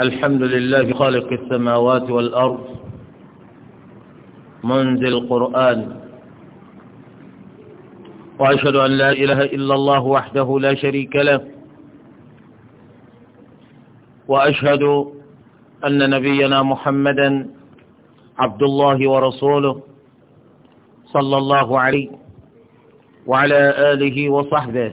الحمد لله خالق السماوات والأرض منزل القرآن وأشهد أن لا إله إلا الله وحده لا شريك له وأشهد أن نبينا محمدا عبد الله ورسوله صلى الله عليه وعلى آله وصحبه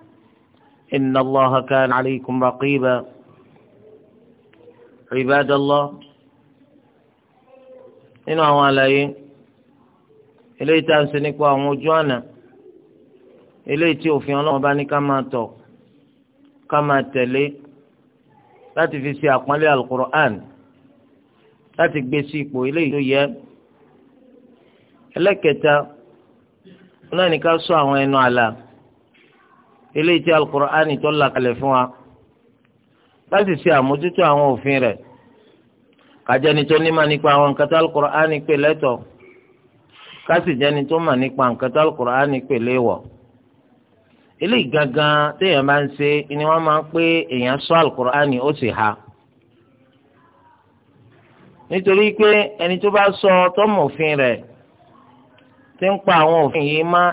إن الله كان عليكم رقيبا عباد الله إن هو علي إليه تنسنك ومجوانا إليه توفي الله باني كما تو كما تلي láti fi ṣe àpọ́nlé لا láti gbé sí ipò eléyìí tó yẹ. ẹlẹ́kẹta náà eléyìí tí alukur'ani tó là kalẹ̀ fún wa láti ṣe àmójútó àwọn òfin rẹ̀ kájẹni tó nímà nípa àwọn nǹkan tó alukur'ani pè lẹ́tọ̀ kásì jẹni tó mà nípa nǹkan tó alukur'ani pè léwọ̀ eléyìí gangan téèyàn bá ń ṣe ni wọ́n máa ń pé èèyàn sọ alukur'ani ó sì ha nítorí pé ẹni tó bá sọ tó mọ̀ òfin rẹ̀ ti ń pa àwọn òfin yìí máa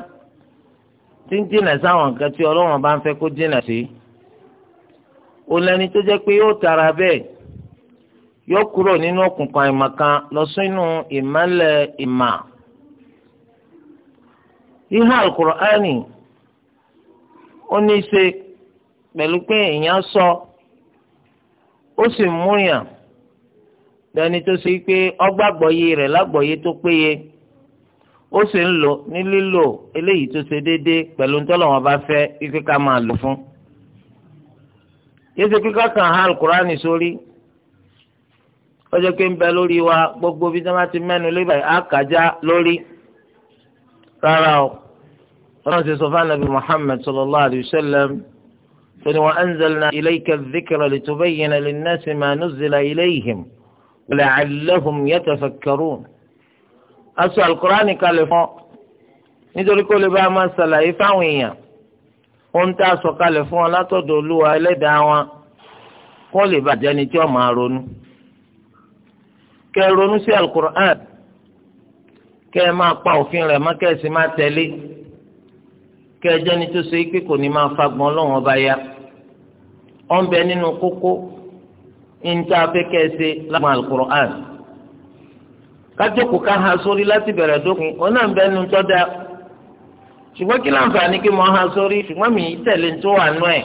tí sáwọn nǹkan tí ọlọ́wọ́n bá ń fẹ́ kó dènà sí ó tó jẹ́ pé yóò tara bẹ́ẹ̀ yóò kúrò nínú òkùnkùn àìmọ̀kan lọ sínú ìmọ̀lẹ̀ ìmọ̀ ihe alukur'ani ó ní í ṣe pẹ̀lú pé èèyàn sọ ó sì múyàn lẹ́ni tó ṣe pé ọgbàgbọ́ yìí rẹ̀ lágbọ̀ọ́yé tó péye. ó sì ń lò ní lílò eléyìí tó ṣe déédéé pẹ̀lú ntọ́lọ́wọ́n bá fẹ́ ife ká máa lò fún. yéṣe kíkọ́ kan ha alukurani sórí ó jẹ́ pé ń bẹ lórí wa gbogbo bí sábà ti mẹ́nu lébà àkàjá lórí rárá o. ọlọ́run ṣe sọ fún anabi muhammed sallallahu alayhi wa sallam tóní wa anzalna ilayka dhikra litubayyina linnasi ma nuzila ilayhim wa la'allahum yatafakkarun aṣọ alukurani kalẹ̀ fún ọ nítorí kó lè bá a máa ṣàlàyé fáwọn èèyàn ohun tá a sọ kalẹ̀ fún ọ látọ̀dọ̀ olúwa ẹlẹ́dàá wọn kó lè bàjẹ́ ni tí ó máa ronú kẹ ronú sí alukurani kẹ ẹ máa pa òfin rẹ̀ mọ́ kẹ ẹ sì máa kẹ ẹ tó ṣe pé kò ní máa fagbọn lọ́wọ́n bá yá ọ̀nbẹ nínú kókó ní ní tá a lágbọn alukurani. kájókòó ká ha sórí láti bẹ̀rẹ̀ dókun òun náà ń bẹ́ nu tọ́ da ṣùgbọ́n ha sórí ṣùgbọ́n mi tẹ̀lé tó wà nú ẹ̀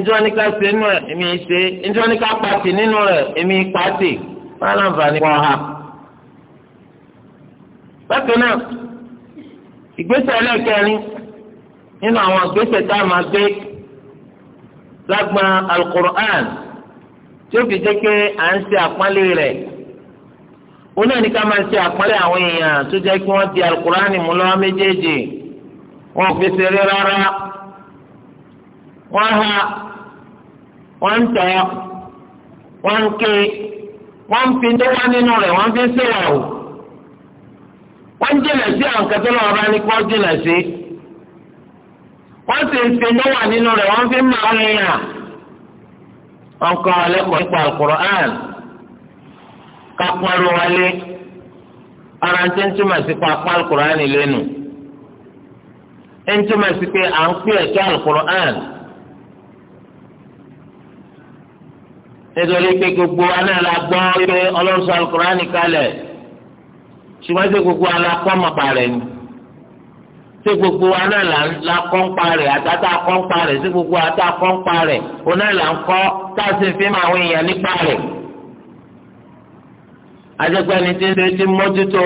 njọ́ ṣe nú ẹ̀ èmi ṣe njọ́ pàṣẹ nínú rẹ̀ èmi pàṣẹ láǹfààní kọ́ ha. bákan náà ìgbésẹ̀ ẹlẹ́kẹrin nínú àwọn ìgbésẹ̀ tá a máa gbé lágbọn tí ó fi jẹ́ pé òun náà ní ká máa ṣe àpọ́nlé àwọn èèyàn tó jẹ́ kí wọ́n di alukurani mú lọ́wọ́ méjèèjì wọn ò fi ṣeré rárá wọ́n ha wọ́n ń tẹ̀ wọ́n ń ké wọ́n ń fi tó wá nínú rẹ̀ wọ́n fi ń ṣèwà o wọ́n ń jìnà sí àwọn kẹtọ́ lọ́wọ́ ní kí wọ́n jìnà sí wọ́n sì ń fi tó nínú rẹ̀ wọ́n fi ń mọ àwọn èèyàn ọkọ̀ ọ̀lẹ́kọ̀ọ́ nípa alukurani kápọ́nrú wale lé ara ń tẹ́ ń túmọ̀ sí pa apá alukur'ani lẹ́nu ń túmọ̀ sí pé à ń pè ẹ̀kẹ́ alukur'ani nítorí pé gbogbo wa náà la gbọ́ pé ọlọ́run sọ alukur'ani kalẹ̀ ṣùgbọ́n sí gbogbo wa la kọ́ mọ̀ parẹ́ ni sí gbogbo wa náà la kọ́ àtàtà kọ́ ń parẹ́ sí gbogbo wa tá a kọ́ ń tá a sì fi máa wọ èèyàn ní parẹ́. adégbé ni tí ti mójútó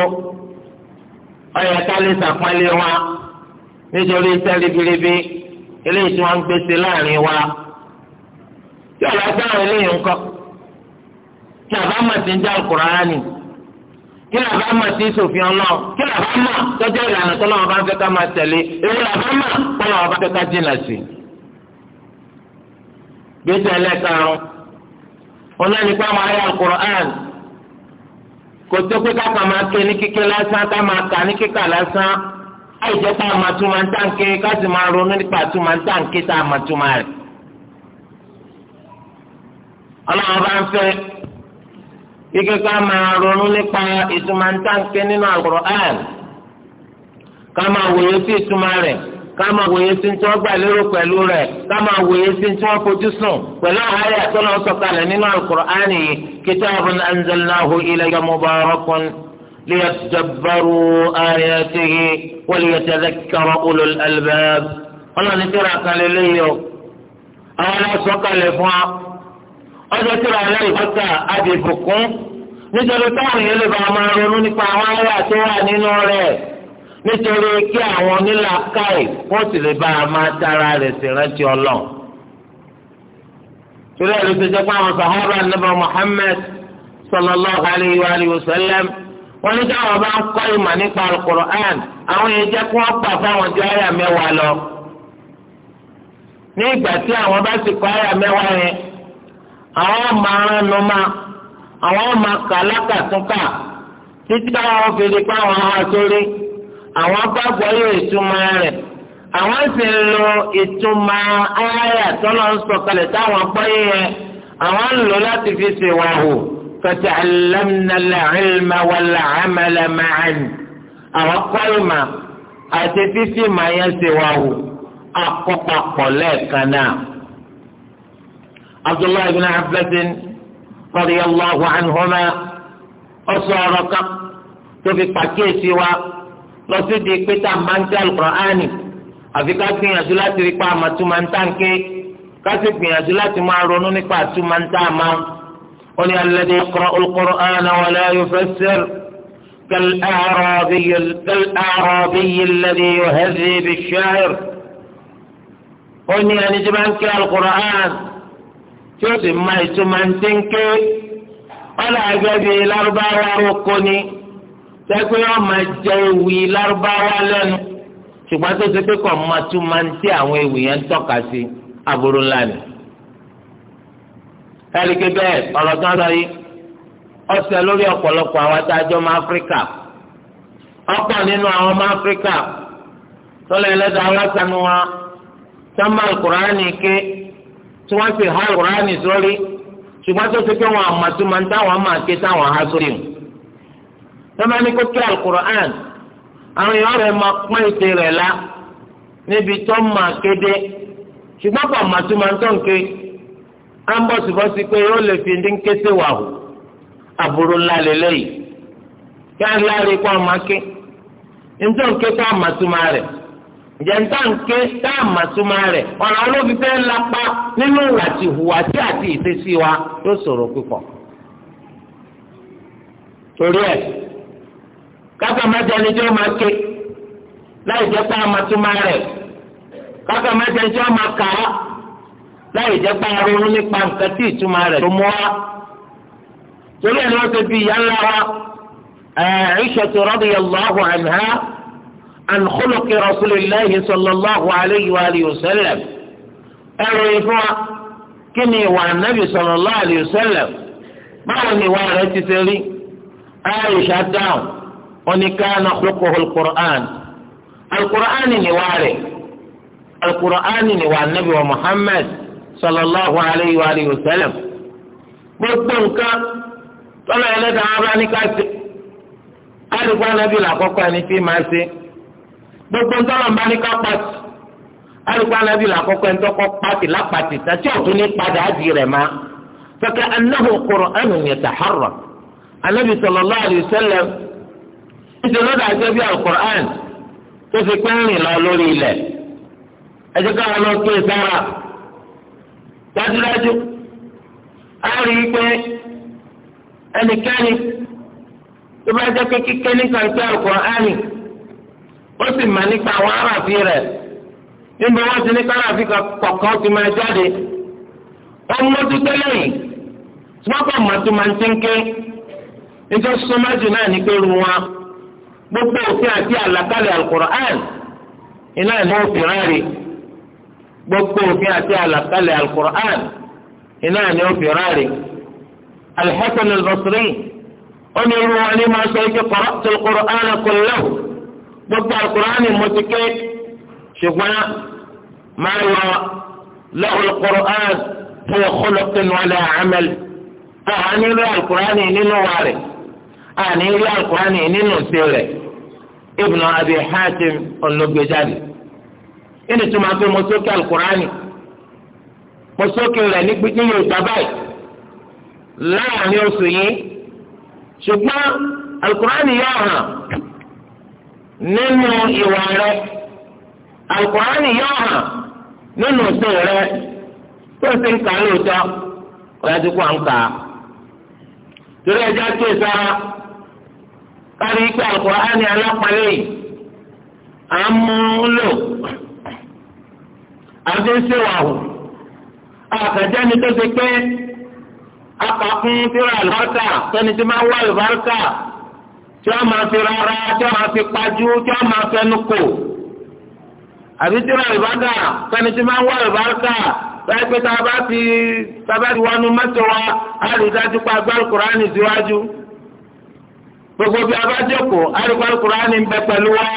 ọyọ kálí sàpọ́nlé wa nítorí iṣẹ́ ribiribi eléyìí tí wọ́n gbèsè láàrin wa tí ọ̀la sáwọn eléyìí ńkọ́ kí àbámọ̀ ti ń já Al-Kùránì kí làbámọ̀ ti sòfin ọlọ́ kí làbámọ̀ tọ́jú ìlànà tó lọ́wọ́ bá ń ká máa èyí bá ká gbèsè ọ̀nà nípa kò tó pé káka máa ké ní kíké lásán ká máa kà ní kíkà lásán àìjẹ́ ká máa tún máa ń tànké ká sì máa ronú nípa tún máa ń tànké tá a máa tún máa rẹ̀. ọlọ́run bá ń fẹ́ kíké ká máa ronú nípa ìtumọ̀ ń tànké nínú Al-Qur'an ká máa wòye sí ìtumọ̀ rẹ̀ ká máa wòye sí tí wọ́n gbà lérò pẹ̀lú rẹ̀ ká máa wòye sí tí wọ́n fojú sùn pẹ̀lú àyà tó lọ sọ̀kalẹ̀ nínú alukur'ani kitabun anzalnahu ilayka mubarakun liyadabbaru ayatihi wa liyatadhakkara ulul albab ọlọ́ni tíra kan lélẹ́yìí o àwọn aláṣọkalẹ̀ fún wa ọjọ́ tíra aláìbọ́tà adìbùkún nítorí táwọn èèyàn lè bá a máa nípa àwọn ayé àti nítorí kí àwọn onílàákàyè wọ́n sì lè bá a máa tara rẹ̀ sí rántí ọlọ́run. torí ẹ̀ ló ti jẹ́ pé àwọn sàhábà nàbà Muhammad sallallahu alayhi wa alihi wa sallam wọ́n ní káwọn bá ń kọ́ ìmọ̀ nípa alukur'an àwọn yẹn jẹ́ kí wọ́n pa fáwọn ju àyà mẹ́wàá lọ. ní ìgbà tí àwọn bá sì kọ́ àyà mẹ́wàá yẹn àwọn máa ń nu máa àwọn máa kà lákàtúnkà títí táwọn fi di pé àwọn á àwọn gbàgbọ́ yóò ìtumọ̀ rẹ̀ àwọn sì ń lo ìtumọ̀ ayáyà tọ́lọ̀ ń sọ̀kalẹ̀ táwọn gbọ́ yẹn àwọn ń lò láti fi ṣèwàhù fata'allamna al-ilma wal-amala ma'an àwọn kọ́ àti fífi ìmọ̀ ṣèwàhù akọ́pàpọ̀ lẹ́ẹ̀kan náà. abdullahi bin abbas radiyallahu anhuma ọ̀sọ̀ ọ̀rọ̀ kan tó fi pàkíyèsí wa lọ sí di pé tá a máa ń tẹ alukur'ani àfi ká gbìyànjú láti rí pa àmàtú máa ń tà ń ká sì gbìyànjú láti máa ronú nípa àtú máa ń tà á máa. قل الذي يقرأ القرآن ولا يفسر كالأعرابي كالأعرابي الذي يهذي بالشاعر ó ní ẹni tí bá ń ké alukur'an tí ó sì máa ìtumọ̀ ń tí ń ké ọ̀là lárúbáwá roko ni tẹ́gbẹ́ wọn máa jẹ ewì lárúbáwá lẹ́nu ṣùgbọ́n tó ṣe pé kò máa tún máa ń tí àwọn ewì yẹn ń tọ́ka sí aburú ńlá ni. ẹ̀ríkẹ́ bẹ́ẹ̀ ọ̀rọ̀ kan sọ yìí ọ̀sẹ̀ lórí ọ̀pọ̀lọpọ̀ àwọn adájọ́ ọmọ áfíríkà ọ̀pọ̀ nínú àwọn ọmọ áfíríkà ẹlẹ́dàá wa sọ́mà ké tí wọ́n sì há sórí lọ́mọ kó kí alukur'an àwọn èèyàn rẹ̀ máa pọ́n ètè rẹ̀ la níbi tó máa kéde ṣùgbọ́n kò máa tún máa á ń bọ̀ síbọ̀ sí pé lè fi ní kété wà hù àbúrò ńlá lélẹ́yìí kí á láre kó ọmọ ké máa wa yóò káka má jẹ ẹni tí ó máa ké láì jẹ́ pé amatuma rẹ̀ káka má jẹ ẹni tí ó máa kà á láì jẹ́ pé arúgbó nípa nǹkan tí ìtumọ̀ rẹ̀ tó mú wá torí ẹni wọ́n ti fi ìyá ńlá wa Aisha radiyallahu anha an khuluqi rasulillahi sallallahu alayhi wa alihi wa sallam ẹ̀rọ ìfún wa kí ni ìwà ànábì sallallahu alayhi wa báwo ni ìwà rẹ̀ ti ṣe rí Aisha oníkànnà kókòhó alukur'an alukur'an ni wà rẹ̀ alukur'an ni wà nabi wa muhammad sallallahu alayhi wa alayhi wa sallam gbogbo nǹkan tọ́lá ẹlẹ́dàá ara ní ká ṣe alùpùpù anabi là kọ́kọ́ ẹni tí máa ṣe gbogbo ntọ́lá ń bá ní ká pàṣẹ alùpùpù anabi là kọ́kọ́ ẹni tọ́kọ́ pàṣẹ lápàṣẹ tàṣẹ ọ̀tún ní padà á di rẹ̀ má fẹ́kẹ́ anáhùn kọ̀rọ̀ ẹnu ní ẹ̀tà hàrọ̀ anabi sallallahu alayhi wa níṣẹ́ ló dàgbé bí alukur'an tó fi pín rìn lọ lórí ilẹ̀ ẹ jẹ́ káwọn lọ pé sára dájúdájú á rí i pé ẹnikẹ́ni tó bá jẹ́ pé kíkẹ́ nípa ìpín alukur'an ó sì mà nípa àwọn aráàfin rẹ̀ níbi wọ́n ti ní káràfin kọ̀ọ̀kan ti máa jáde wọ́n mọ́tò tẹ́lẹ̀ yìí tí wọ́n kọ́ mọ́tò máa ń tẹ́ńké nítorí sọ́májù náà ní pé ru wọn gbogbo òfin àti àlàkalẹ̀ alukur'an iná ní òfin ráre gbogbo òfin àti àlàkalẹ̀ alukur'an iná ní òfin ráre alḥasan albasri onírú wọn ni máa sọ ike kọ́rọ́tù alukur'an kullahu gbogbo alukur'an ni mo ti ké ṣùgbọ́n máa yọ lọ́wọ́ alukur'an fún ìkọlọ́kùn wàlẹ̀ àmàlẹ̀ ọ̀hánilú alukur'an nínú wàrẹ̀. àní rí alukurani nínú sí rẹ̀ ibùnà abi hatim ọlọgbẹjáde ẹni tó máa gbé mo sókè alukurani mo sókè rẹ̀ ní gbígbé yorùbá báyìí láàrin oṣù yìí ṣùgbọ́n alukurani yóò hàn nínú ìwà rẹ̀ yóò hàn nínú rẹ̀ tó ń kárí ikpe alukur'ani alápàlẹ́ yìí àmúlò àdéhùnsèwàhù àkàjáni tó ti pé akàkún tíra àlùbáríkà tóni tí máa ń wá àlùbáríkà tí wọ́n máa fi rárá tí wọ́n máa fi pàjù tí wọ́n máa fẹnu kò àbí tíra àlùbáríkà tóni tí máa ń wá àlùbáríkà báyìí pé tá a bá ti a bá ti wa á rí i dájú pé gbogbo bí a bá jókòó alukóra kúránì ń bẹ pẹ̀lú wa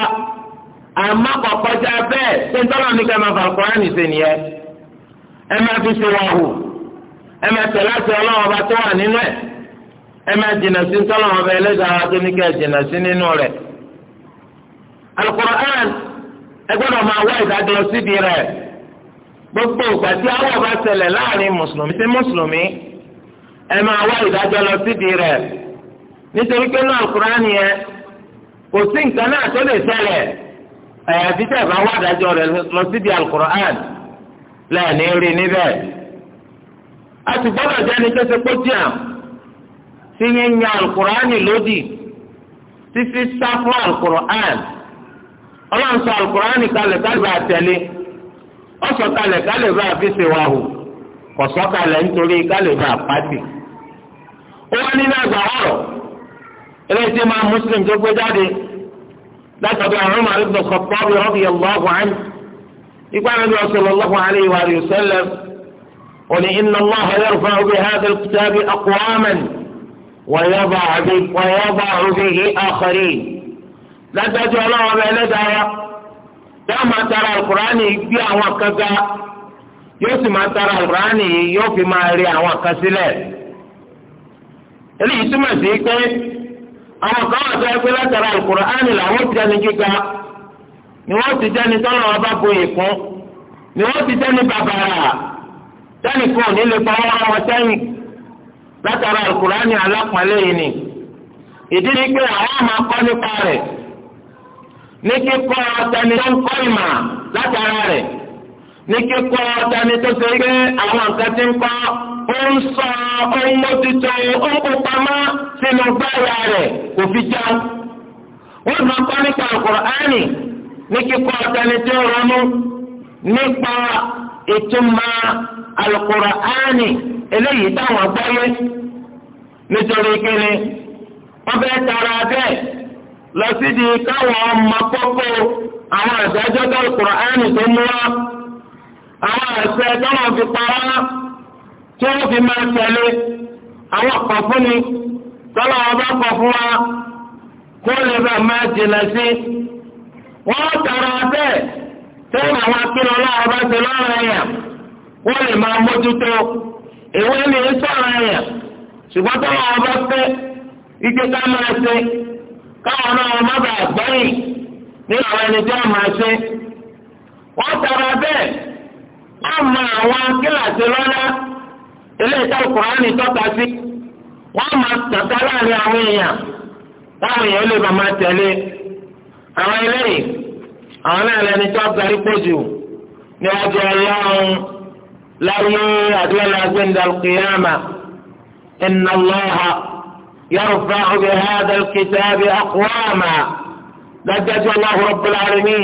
àmọ́ kọ̀kọ́ já bẹ́ẹ̀ ṣé ń tọ́lọ̀ ní ká máa fà kúránì sí nìyẹn ẹ máa fi ṣe wà hù ẹ máa tẹ̀ láti ọlọ́wọ́ bá tó wà nínú ẹ̀ ẹ máa jìnnà sí tọ́lọ̀ wọn bẹ ẹlẹ́dàá tó ní ká jìnnà sí nínú rẹ̀ alukóra ẹ gbọ́dọ̀ máa wá ìdájọ́ síbi rẹ̀ gbogbo ìgbà tí awọ bá ṣẹlẹ̀ láàrin mùsùlùmí sí mùsùlùmí ẹ máa wá ìdájọ́ lọ síbi rẹ̀. nítorí pé náà Kúránì yẹn kò sí nǹkan náà tó lè ṣẹlẹ̀ àyàfi tẹ̀ bá wà dájọ́ rẹ̀ lọ síbi alukur'an lẹ́ẹ̀ni rí níbẹ̀. a ti gbọ́dọ̀ jẹ́ni tó ṣe kó tíà sí yíyan alukur'an lódì títí sá fún alukur'an ọlọ́run sọ alukur'an kalẹ̀ kálí bá tẹ̀lé sọ kalẹ̀ bá fi ṣe wà hù kò kalẹ̀ nítorí kálí bá pàtì. ó wá nínú àgbà ọ̀rọ̀. eléyìí tí máa Muslim tó gbé jáde láti ọ̀dọ̀ àwọn ọmọ àrùn Khattab radiyallahu anhu ipa Nabi sallallahu alayhi wa sallam òní inna Allaha yarfa'u bi hadha al-kitabi aqwaman wa yada'u bihi akharin látàjú ọlọ́wọ́ bẹ́ẹ̀ lẹ́dàá yóò máa tara alukurani gbé àwọn kan ga yóò sì máa tara alukurani yóò fi máa rí àwọn kan sílẹ̀ eléyìí túmọ̀ sí pé àwọn kan wà tó ẹgbẹ́ látara Al-Kùránì làwọn ti dẹni gíga ni wọ́n ti dẹni tọ́lọ̀ ọba boyè fún ni wọ́n ti dẹni bàbàrà dẹni kan ò ní lè pa wọ́n wọn sẹ́yìn látara Al-Kùránì alápọ̀nlé yìí ni ìdí ni pé àwọn máa kọ́ nípa rẹ̀ ní kíkọ́ ọ̀tẹni tó ń kọ́ ìmọ̀ látara rẹ̀. ní kíkọ́ dání tó ṣe pé àwọn nǹkan ti ń kọ́ ó ń sọ ohun mójútó ohun kó pamọ́ sínú gbáyà rẹ̀ kò fi jẹun. wọ́n máa kọ́ nípa àkùránì ní kíkọ́ dání tó ronú nípa ìtumọ̀ eléyìí táwọn gbọ́yé nítorí kíni wọ́n fẹ́ tara bẹ́ẹ̀ lọ sídìí káwọn ọmọ kókó àwọn tó àwọn àṣẹ tọ́lọ̀ fi pamọ́ tí wọ́n fi máa tẹ̀lé àwọn kan fún ni tọ́lọ̀ wọn bá kọ̀ fún wa kó lè bá máa jìnà sí. wọ́n tọrọ bẹ́ẹ̀ tẹ́lẹ̀ àwọn akínú ọlọ́wọ́ bá ti lọ́rọ̀ ẹ̀yà wọ́n lè máa mójútó ìwé ni ń sọ̀rọ̀ ẹ̀yà ṣùgbọ́n tọ́lọ̀ wọn bá fẹ́ ike ká máa ṣe káwọn náà wọn má bàa gbẹ́yìn ní àwọn ẹni wọ́n mọ àwọn kíláàsì lọ́lá eléyìí tó kùránì tọ́ka sí wọ́n máa tàkà láàrin àwọn èèyàn táwọn èèyàn lè máa tẹ̀lé àwọn eléyìí àwọn náà lẹni tó garí pọ̀jù níwájú ọlọ́run láyé àdúrà gbẹ̀ndàlùkìyàmà iná lọ́ha yọrùfà òbí hàdàlùkìtàbí àkùwàmà dájájú ọlọ́run rọ̀bùlárìmí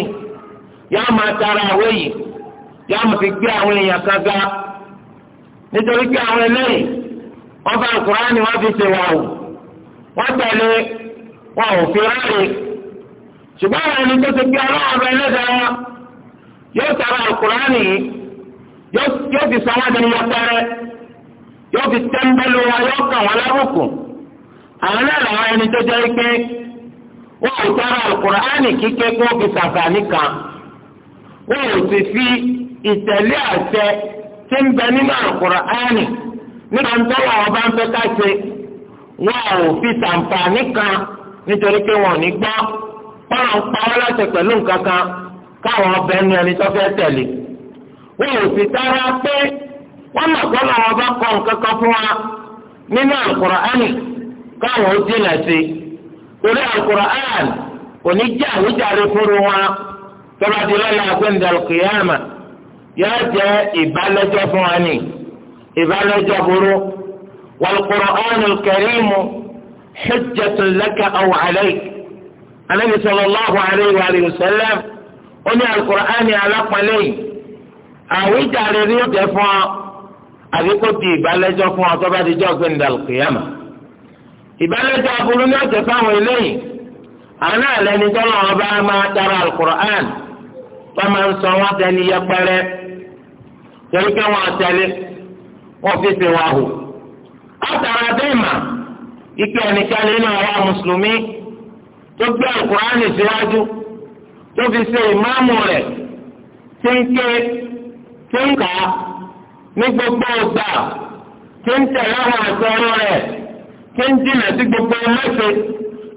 yọ̀ọ́ ma tara àwòyìí. yá mo fi gbé àwọn èèyàn kan ga nítorí pé àwọn eléyìí wọ́n bá kúránì wọ́n fi ṣe wà o wọ́n tẹ̀lé wọn ò fi ráàyè ṣùgbọ́n àwọn ẹni tó ti gbé ọlọ́run ọba ẹlẹ́dàá wọn yóò tara àkùránì yìí yóò fi sọ wọn dẹni yọpẹrẹ yóò fi tẹ́ńbẹ́lú wọn yóò kàn wọn lábùkù àwọn náà làwọn ẹni tó jẹ́ pé wọn ò tara àkùránì kíké kó fi sàǹfààní kan wọn ò sì fi ìtẹ̀lé àṣẹ tí ń bẹ nínú Al-Qur'ani nígbà tọ́wọ́ ọba ń fẹ́ ká ṣe wọn ò fi sàǹfààní kan nítorí pé wọn ò ní gbọ́ wọn ń pa wọn láti pẹ̀lú nǹkan kan káwọn ọbẹ̀ nu ẹni tó fẹ́ tẹ̀lé wọn ò sì tara pé wọn mọ̀ pé wọn ọba kọ nǹkan kan fún wa nínú Al-Qur'ani káwọn ó dínà sí torí Al-Qur'ani kò ní jẹ́ àwùjáde fúru wọn tọ́ba di lọ́la gbẹ̀ndàlùkìyàmà yóò jẹ́ ìbálẹ́jọ́ fún wa ní ìbálẹ́jọ́ burú wal-Qur'anul Karim hujjatun laka aw alayk anabi sallallahu alayhi wa sallam ó ní alukur'ani alápàlẹ́yìn àwíjàre ni ó jẹ́ fún ọ àbí kó di ìbálẹ́jọ́ fún ọ tó bá di jọ́ gbé ndàlùkìyàmà ìbálẹ́jọ́ aburú ni ó jẹ́ fáwọn eléyìí àná àlẹ́ni tọ́lọ́ ọba máa dára alukur'an tó máa ń sọ wọ́n dẹni yẹpẹrẹ torí pé wọn àtẹlé wọn fi ṣe wọn hù látara bẹ́ẹ̀ mà ike ẹnìkan nínú àwọn mùsùlùmí tó gbé àkùránì síwájú tó fi ṣe ìmáàmù rẹ̀ tí ń ké tí ń kà á ní gbogbo ọgbà tí ń tẹ̀lé àwọn àtọ́rọ́ rẹ̀ tí ń jìnà sí gbogbo mẹ́sẹ̀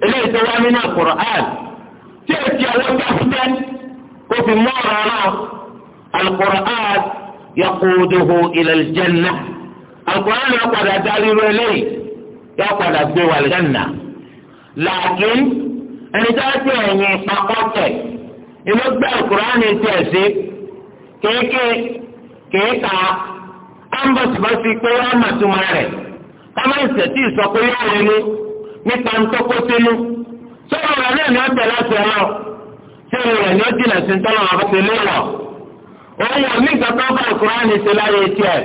eléyìí tó wá nínú àkùránì tí èsì àwọn gbàgbé kó fi mú ọ̀rọ̀ náà àkùránì yakuduhu ilal janna alukóran yóò padà darí ru eléyìí yóò padà gbé wà lẹ́nà làákín ẹni tó ń tẹ ẹ̀yìn pakọ́tẹ̀ inú gbé alukóran tẹ̀ sí kéèké kéèká ambasibasi pé wọ́n á màtúmọ̀ rẹ̀ kámá ìsẹ̀tì sọ pé yóò nípa ntọ́kọ́ sínú sọ̀rọ̀ náà ni ó tẹ̀ láti rẹ̀ ni ó dìnnà sí ntọ́lọ́wọ́ àbọ̀tẹ̀ lé òun ò ní ìgbàgbọ́ bá ìkúránì ṣe láyé tiẹ̀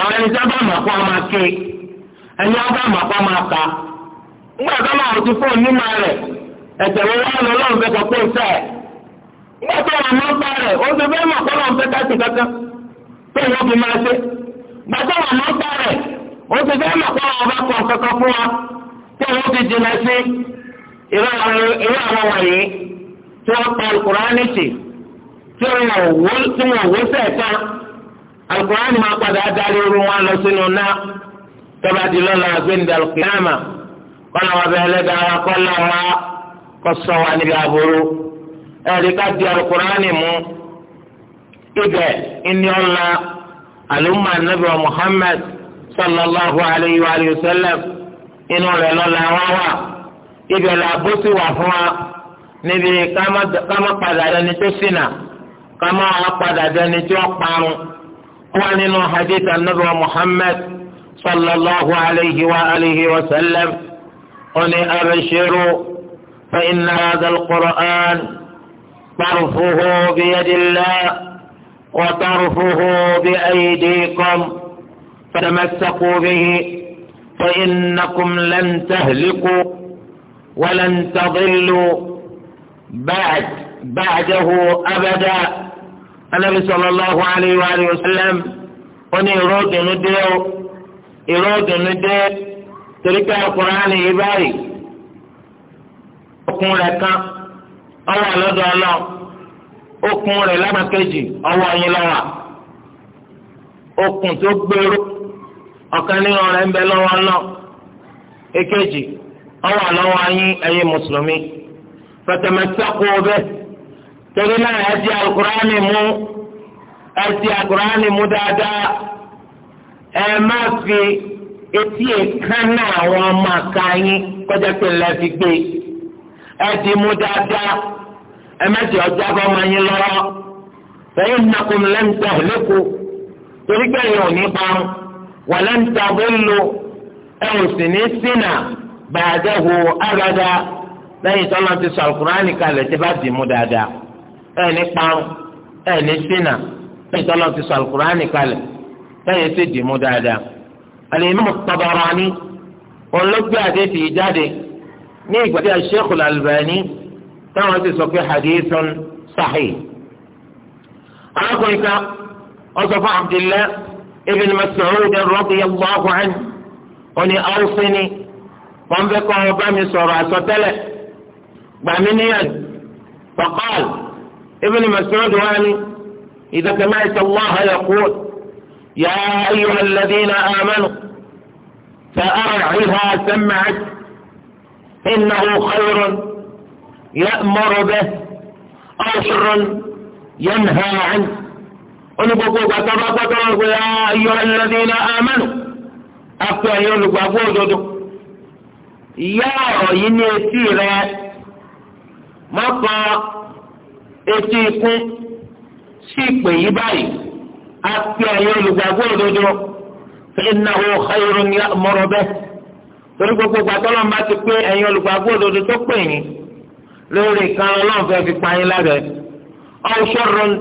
àwọn ẹni sábà mà kó ọmọ ké ẹni ọba mà kó ọmọ ká ńgbà tó máa ti fóònù rẹ̀ ẹ̀jẹ̀ wo wá lọ lọ́run fẹ́ẹ́ kó sẹ́ ẹ̀ ńgbà tó wà rẹ̀ ó ti fẹ́ẹ́ fẹ́ẹ́ kankan tó wọ́n fi máa ṣe rẹ̀ ó ti fẹ́ẹ́ tí wọn ò wó tí wọn ò wó sẹ̀tàn alukur'an máa padà darí oru wọn lọ sínú náà tọ́ba di lọ́la gbẹ̀ndà kìláàmà kọ́nà wọn bẹ ẹlẹ́dàá wa kọ́nà wa kọ́ níbi àbúrò ẹ̀rí ká di alukur'an mú ibẹ̀ ìní ọ̀la alumma anabi wa muhammad sallallahu alayhi wa sallam inú rẹ̀ lọ́la wá wà ibẹ̀ la bó ti wà fún wa níbi ká padà rẹ ní tó sínà. kama wọn padà dẹni tí wọn parun wọn nínú hadith anabi wa muhammad sallallahu alayhi wa alayhi wa sallam oni abashiru fa inna hadha alqur'an tarfuhu biyadillah wa tarfuhu biaydikum fatamassaku bihi fa innakum lan tahliku ولن تضلوا بعد بعده أبدا anabi sallallahu alayhi wa sallam ó ní ìró ìdùnnú dé o ìró ìdùnnú dé torí pé Al-Qur'ani yìí báyìí okun rẹ̀ kan ọwọ́ àlọ́dọ̀ ọlọ́ okun rẹ̀ lágbàkejì ọwọ́ yín lọ́wọ́ okun tó gbèrú ọ̀kan nínú rẹ̀ ń bẹ lọ́wọ́ náà èkejì ọwọ́ àlọ́wọ́ yín ẹ̀yin mùsùlùmí fatamassaku bihi torí náà ẹ ti alukurani mú ẹ ti alukurani mú dáadáa ẹ má fi etí èkánná àwọn ọmọ àka yín kọjá pé ńlá fi gbé ẹ ti mú dáadáa ẹ má ti ọjà bá ọmọ yín lọ́rọ́ fẹ́yìn nàkùn lẹ́ńtà lẹ́kọ̀ọ́ torí pé ẹ̀yin ò wà lẹ́ńtà bó ń ẹ ò sì ní sínà bàdẹ́hù àgàdà lẹ́yìn tọ́lá ti sọ alukurani kalẹ̀ tí bá dì mú dáadáa ẹ ní parun ẹ ní ṣìnà lẹ́yìn tó lọ́n ti sọ alukur'ani kalẹ̀ lẹ́yìn tó dì mú dáadáa. alimami Tabarani olóògbé àdéhìí ìjáde ní ìgbà tí a Sheikhul Albani táwọn ti sọ pé hadithun sahih. arákùnrin kan ọsọ fún Abdullah ibn Mas'ud radiyallahu anhu oní awúsíní wọn fẹ́ kọ́ ọ bá mi sọ̀rọ̀ àsọtẹ́lẹ̀ gbàmí níyàn ابن مسعود واني إذا سمعت الله يقول يا أيها الذين آمنوا فأرعها سمعت إنه خير يأمر به أو شر ينهى عنه ونبقوا بطبقة ونقول يا أيها الذين آمنوا أفتح يولوا بفوزوا يا إني سيرة مطلع etí ikún sí ìpè yí báyìí á pé ayé olùgbàgbọ́ òdodo innahu khayrun ya'muru bihi torí gbogbo gbàtọ́lọ́ bá ti pé ẹ̀yin olùgbàgbọ́ òdodo tó pè yín lórí kan ọlọ́run fẹ́ fi pa yín lábẹ́ aw sharrun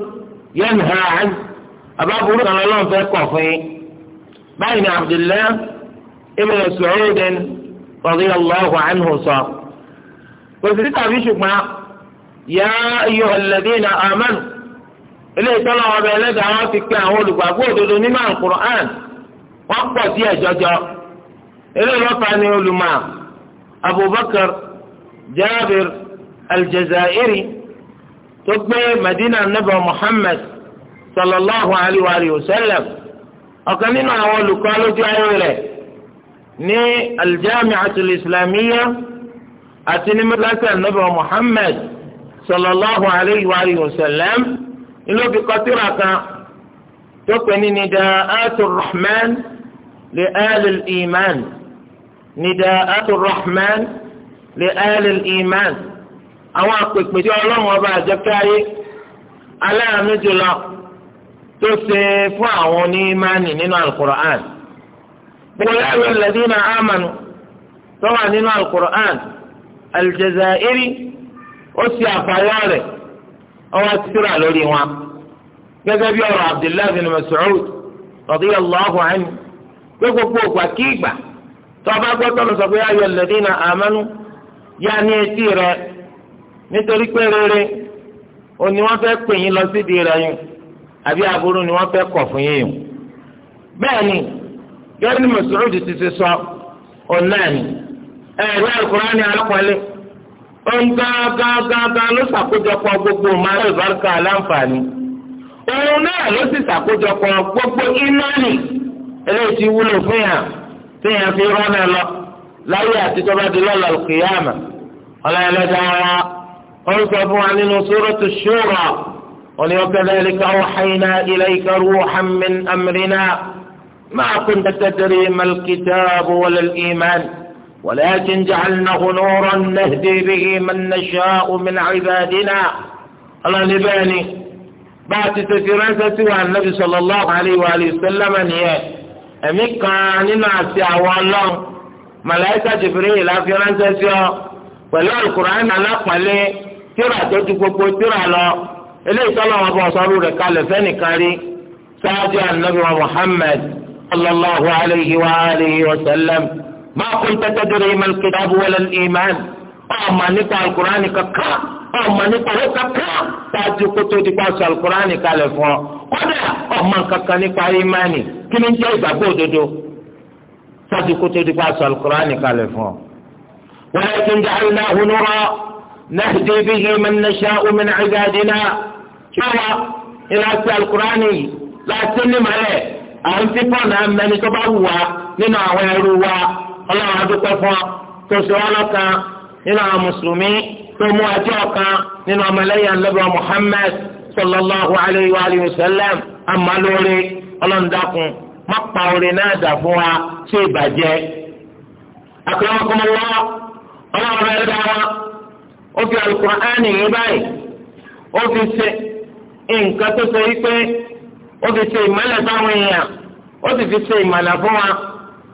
yanha anhu àbábúrú kan ọlọ́run fẹ́ kọ̀ fún yín báyìí ni Abdullah ibn Mas'ud radiyallahu anhu sọ kò tàbí ṣùgbọ́n yá ayọ̀ alladhina amanu ilé ìtọ́lọ́ ọba ẹlẹ́dàá wọn fi pé àwọn olùgbàgbọ́ òdodo nínú Al-Qur'an wọn pọ̀ díẹ̀ jọjọ ilé ìlọ́fà ni olùmọ̀ Abubakar Jabir Al-Jazairi tó gbé Madina Nabi Muhammad sallallahu alayhi wa sallam ọ̀kan nínú àwọn olùkọ́ lójú ayé rẹ̀ ní al Islamiyya àti ní mọ́tàlásẹ̀ Nabi Muhammad sallallahu alayhi wa sallam inú fi kọtíra kan tó pè ní nidaatu rahman li alil iman nidaatu rahman li alil iman àwọn àpèpè tí ọlọ́run ọba àjẹká yé aláàánú jùlọ tó ṣe fún àwọn onímánì nínú alukur'an bóyá àwọn alladhina amanu tó wà nínú alukur'an aljazairi. ó ṣe àfàyàn rẹ̀ ọwọ́ síra lórí wọn gẹ́gẹ́ bí ọ̀rọ̀ abdullahi bin mas'ud radiyallahu anhu pé gbogbo ògbà kí ìgbà tó a bá gbọ́ tọ́nu sọ pé ayọ̀ amanu yá ní etí nítorí pé rere o ni wọ́n fẹ́ pè yín lọ ni wọ́n fẹ́ kọ̀ fún yín bẹ́ẹ̀ ni gẹ́gẹ́ bí ti òun gangan gangan ló ṣàkójọpọ̀ gbogbo mara ìbáraka aláǹfààní òun náà ló sì ṣàkójọpọ̀ gbogbo iná ni eléyìí ti wúlò fún yàn tí yàn fi rọ́nà lọ láyé àtijọ́ bá di lọ́la kìyàmà ọlọ́yẹlẹ́dá wa wọ́n sọ fún wa nínú sóró tó ṣúra wọ́n kẹlẹ́ kẹ́lẹ́lẹ́ ká wọ́n xayínà ilẹ̀ ìkàrú hàmín amrina máa kún tẹ́tẹ́ dèrè malkitaabu wọlé ìmáàni. ولكن جعلناه نورا نهدي به من نشاء من عبادنا الله نباني بعد تفرانسة عن النبي صلى الله عليه وآله وسلم هي أمي كان ناسي الله ملائكة جبريل أفرانسة pẹ̀lú alukur'an alápàlẹ́ tíra tó ju gbogbo tíra lọ eléyìí tọ́lá wọn bọ̀ sọ́rọ́ rẹ̀ kalẹ̀ fẹ́nìkan rí sáájú anabi wa muhammed sallallahu alayhi wa alayhi wa sallam ma kunta tadri mal kitabu wal iman ọmọ nípa alukurani kankan ọmọ nípa owó kankan dájú kótó dípa sọ alukurani kalẹ̀ fún ọ kódà ọmọ kankan nípa imani kí ni jẹ́ ìgbàgbọ́ òdodo dájú kótó dípa sọ alukurani kalẹ̀ fún ọ. ولكن جعلناه نورا نهدي به من نشاء من عبادنا شرع إلى القرآن لا تسلم عليه أنت فنا من تبوا من أعوانوا ọlọ́run adúpẹ́ fún ọ tó ṣe wọn lọ́kàn nínú àwọn mùsùlùmí tó mú nínú Muhammad sallallahu alayhi wa sallam amalóore ọlọ́run dákun má pa oore náà dà fún wa ọlọ́run rẹ̀ ó fi alukur'ani yìí báyìí ó fi ṣe nǹkan tó ṣe wípé ó fi ṣe ìmọ̀lẹ̀ fáwọn èèyàn ó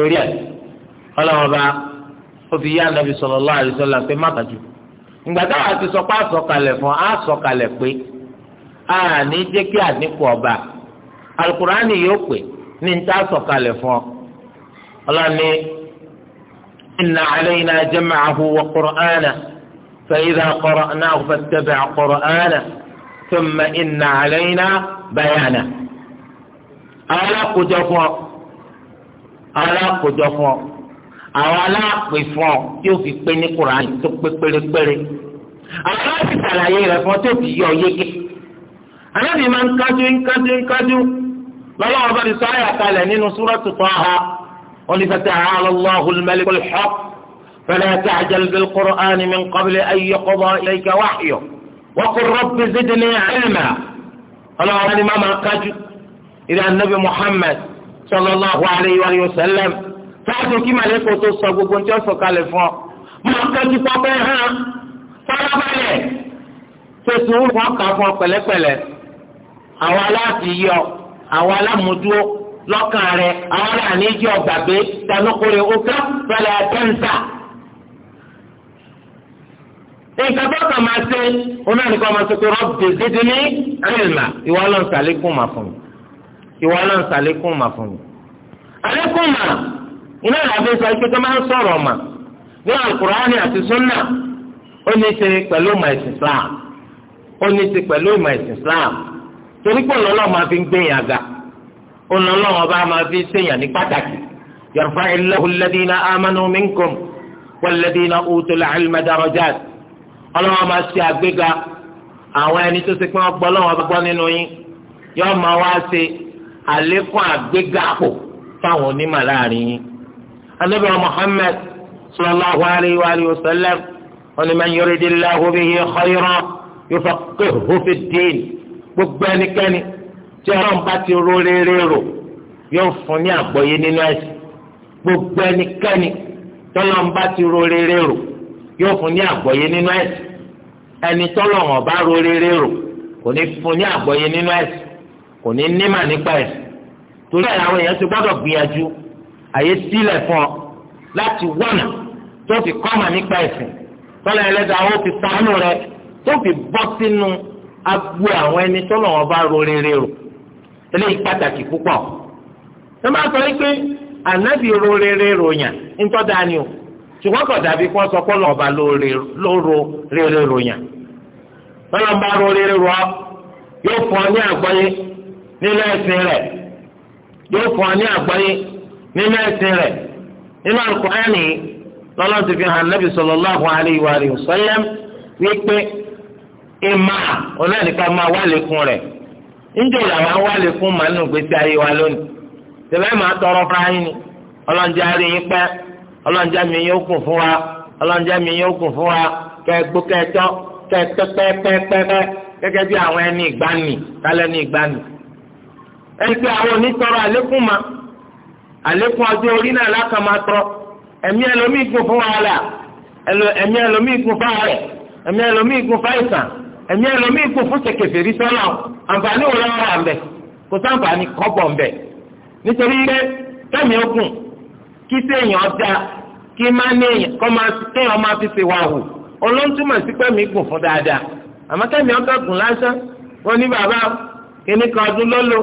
torí ẹ̀ ọlọ́run ọba ó fi yá anabi sallallahu alaihi wasallam pé má bàjú ìgbà táwọn àti sọpá sọ̀kalẹ̀ fún asọ̀kalẹ̀ pé a ní jẹ́ kí àdínkù ọba alukurani yóò pè ní níta sọ̀kalẹ̀ fún ọ ọlọ́run ní inna alayna jam'ahu wa qur'ana fa idha qara'nahu fattabi' qur'ana thumma inna alayna àwọn alákòjọ fún ọ àwọn alákòjọ fún ọ àwọn aláàpè fún ọ tí ó fi pé ní kùránì tó pé pérépéré àwọn aláàpè sàlàyé rẹ fún ọ tó fi yọ yéke aláàbì máa ń kájú ń kájú ń kájú lọ́lọ́wọ́ bá ti sọ kalẹ̀ nínú súrọ́tù Taha فتعالى الله الملك الحق فلا تعجل بالقرآن من قبل أن يقضى إليك وحيه وقل رب زدني علما قال الإمام القاجد إلى النبي محمد sallallahu alayhi wa sallam sáájú kí màlẹ́kọ̀ tó sọ gbogbo ní ọ̀sọ̀ kalẹ̀ fún ọ. máa kẹ́jú pọ́pẹ́ hàn farabalẹ̀ tètè wúlò wọn kà fún ọ pẹ̀lẹ́pẹ̀lẹ́ àwọn aláàtì yọ àwọn alámùdúró lọ́kàn rẹ àwọn aláàní jẹ́ ọ̀gbàgbé tanukure ọ̀gá pẹ̀lẹ́ àtẹ́ǹsà. nǹkan tó kàn máa ṣe onáà máa ṣe pé rọ́bì dídí ní ẹ̀rìnà ìwà ọlọ́run sàlékún máa fún mi ìwọ náà sàlékún mà fún mi. àlékún mà iná ìlàbí sọ pé tó máa ń sọ̀rọ̀ mà ní alukurani àti sunna ó ní í ṣe pẹ̀lú ìmọ̀ ẹ̀sìn islam ó ní í ṣe pẹ̀lú ìmọ̀ ẹ̀sìn islam torí pé ọlọ́lọ́ máa fi ń gbẹ̀yìn àga ọlọ́lọ́ ọba máa fi ṣèyàn ní pàtàkì yorùbá ilẹ̀hu lẹ́dínà amánú minkum wọ́lẹ́dínà utul ilma darajat ọlọ́wọ́ máa ṣe àgbéga àwọn ẹni tó ṣe pé wọ́n gbọ́ ọlọ́wọ́ gbọ́ nínú yín yọ́ọ́ máa wá ṣe àlékún àgbégàpò fáwọn onímọ̀ láàrin yín. anabi muhammed sallallahu alayhi wa alihi wa sallam ọ̀nà man yuridillahu bihi khayran yufaqqihu fid-din gbogbo ẹnikẹ́ni tí ọlọ́run bá ti ró rere rò yóò fún ní àgbọ́yé nínú ẹ̀sìn gbogbo ẹnikẹ́ni tí ọlọ́run bá ti ró rere yóò fún ní àgbọ́yé nínú ẹ̀sìn ẹni tí ọlọ́run bá ró rere kò ní fún ní àgbọ́yé nínú ẹ̀sìn kò ní nímà nípa ẹ̀ torí ẹ̀ àwọn èèyàn ti gbọ́dọ̀ gbìyànjú àyè sílẹ̀ fún ọ láti wọ̀nà tó fi kọ́mà nípa ẹ̀sìn tọ́lá ẹlẹ́dàá àwọn ti sànù rẹ tó fi bọ́ sínú agbo àwọn ẹni tó lọ́wọ́ bá ro rere o eléyìí pàtàkì púpọ̀ ẹ máa sọ pé ànábì ro rere ròyàn ńtọ́da ni o ṣùgbọ́n kò dàbí kó sọ pé lọ́ọ̀bà ló ro rere ròyàn tọ́lá ń bá ro rere yóò fọ ní àgbọ́yé. nínú ẹ̀sìn rẹ̀ yóò fún ọ ní àgbáyé nínú ẹ̀sìn rẹ̀ nínú àlùkùránì lọ́lọ́ ti fi hàn nàbì sallallahu alayhi wa alihi wa sallam wípé ìmà máa wà lẹ́kùn rẹ̀ níjẹ́ làwọn wà lẹ́kùn màá nù gbèsè ayé wa lónìí tẹ̀lé màá ni ọlọ́njẹ́ arí yín pẹ́ ọlọ́njẹ́ mi fún wa ọlọ́njẹ́ mi fún wa kẹ́ẹ̀gbó kẹ́ẹ̀tọ́ kẹ́ẹ̀tọ́ pẹ́ẹ́pẹ́ẹ́pẹ́ gẹ́gẹ́ bí àwọn ẹni ẹni pé àwọn onítọrọ àlékún ma àlékún ọjọ́ orí náà lákàn máa tọrọ ẹ̀mí ẹlòmíì kún fún wàhálà ẹ̀mí ẹlòmíì kún fún àárẹ̀ ẹ̀mí ẹlòmíì kún fún àìsàn ẹ̀mí ẹlòmíì kún fún ṣèkèfèrí sọ́nà àǹfààní wò lọ́wọ́ à ń bẹ̀ kò sáǹfààní kọ́bọ̀ ń bẹ̀ nítorí pé kẹ́mi ogun kí séèyàn da kí má néèyàn kọ́ máa kéèyàn máa fi ṣèwà hù olóńtúmọ̀ sí pẹ́mi gùn fún dáadáa àmọ́ kẹ́mi ọkọ̀ gùn lásán wọn ní bàbá kìnnìkan ọdún lọ́lọ́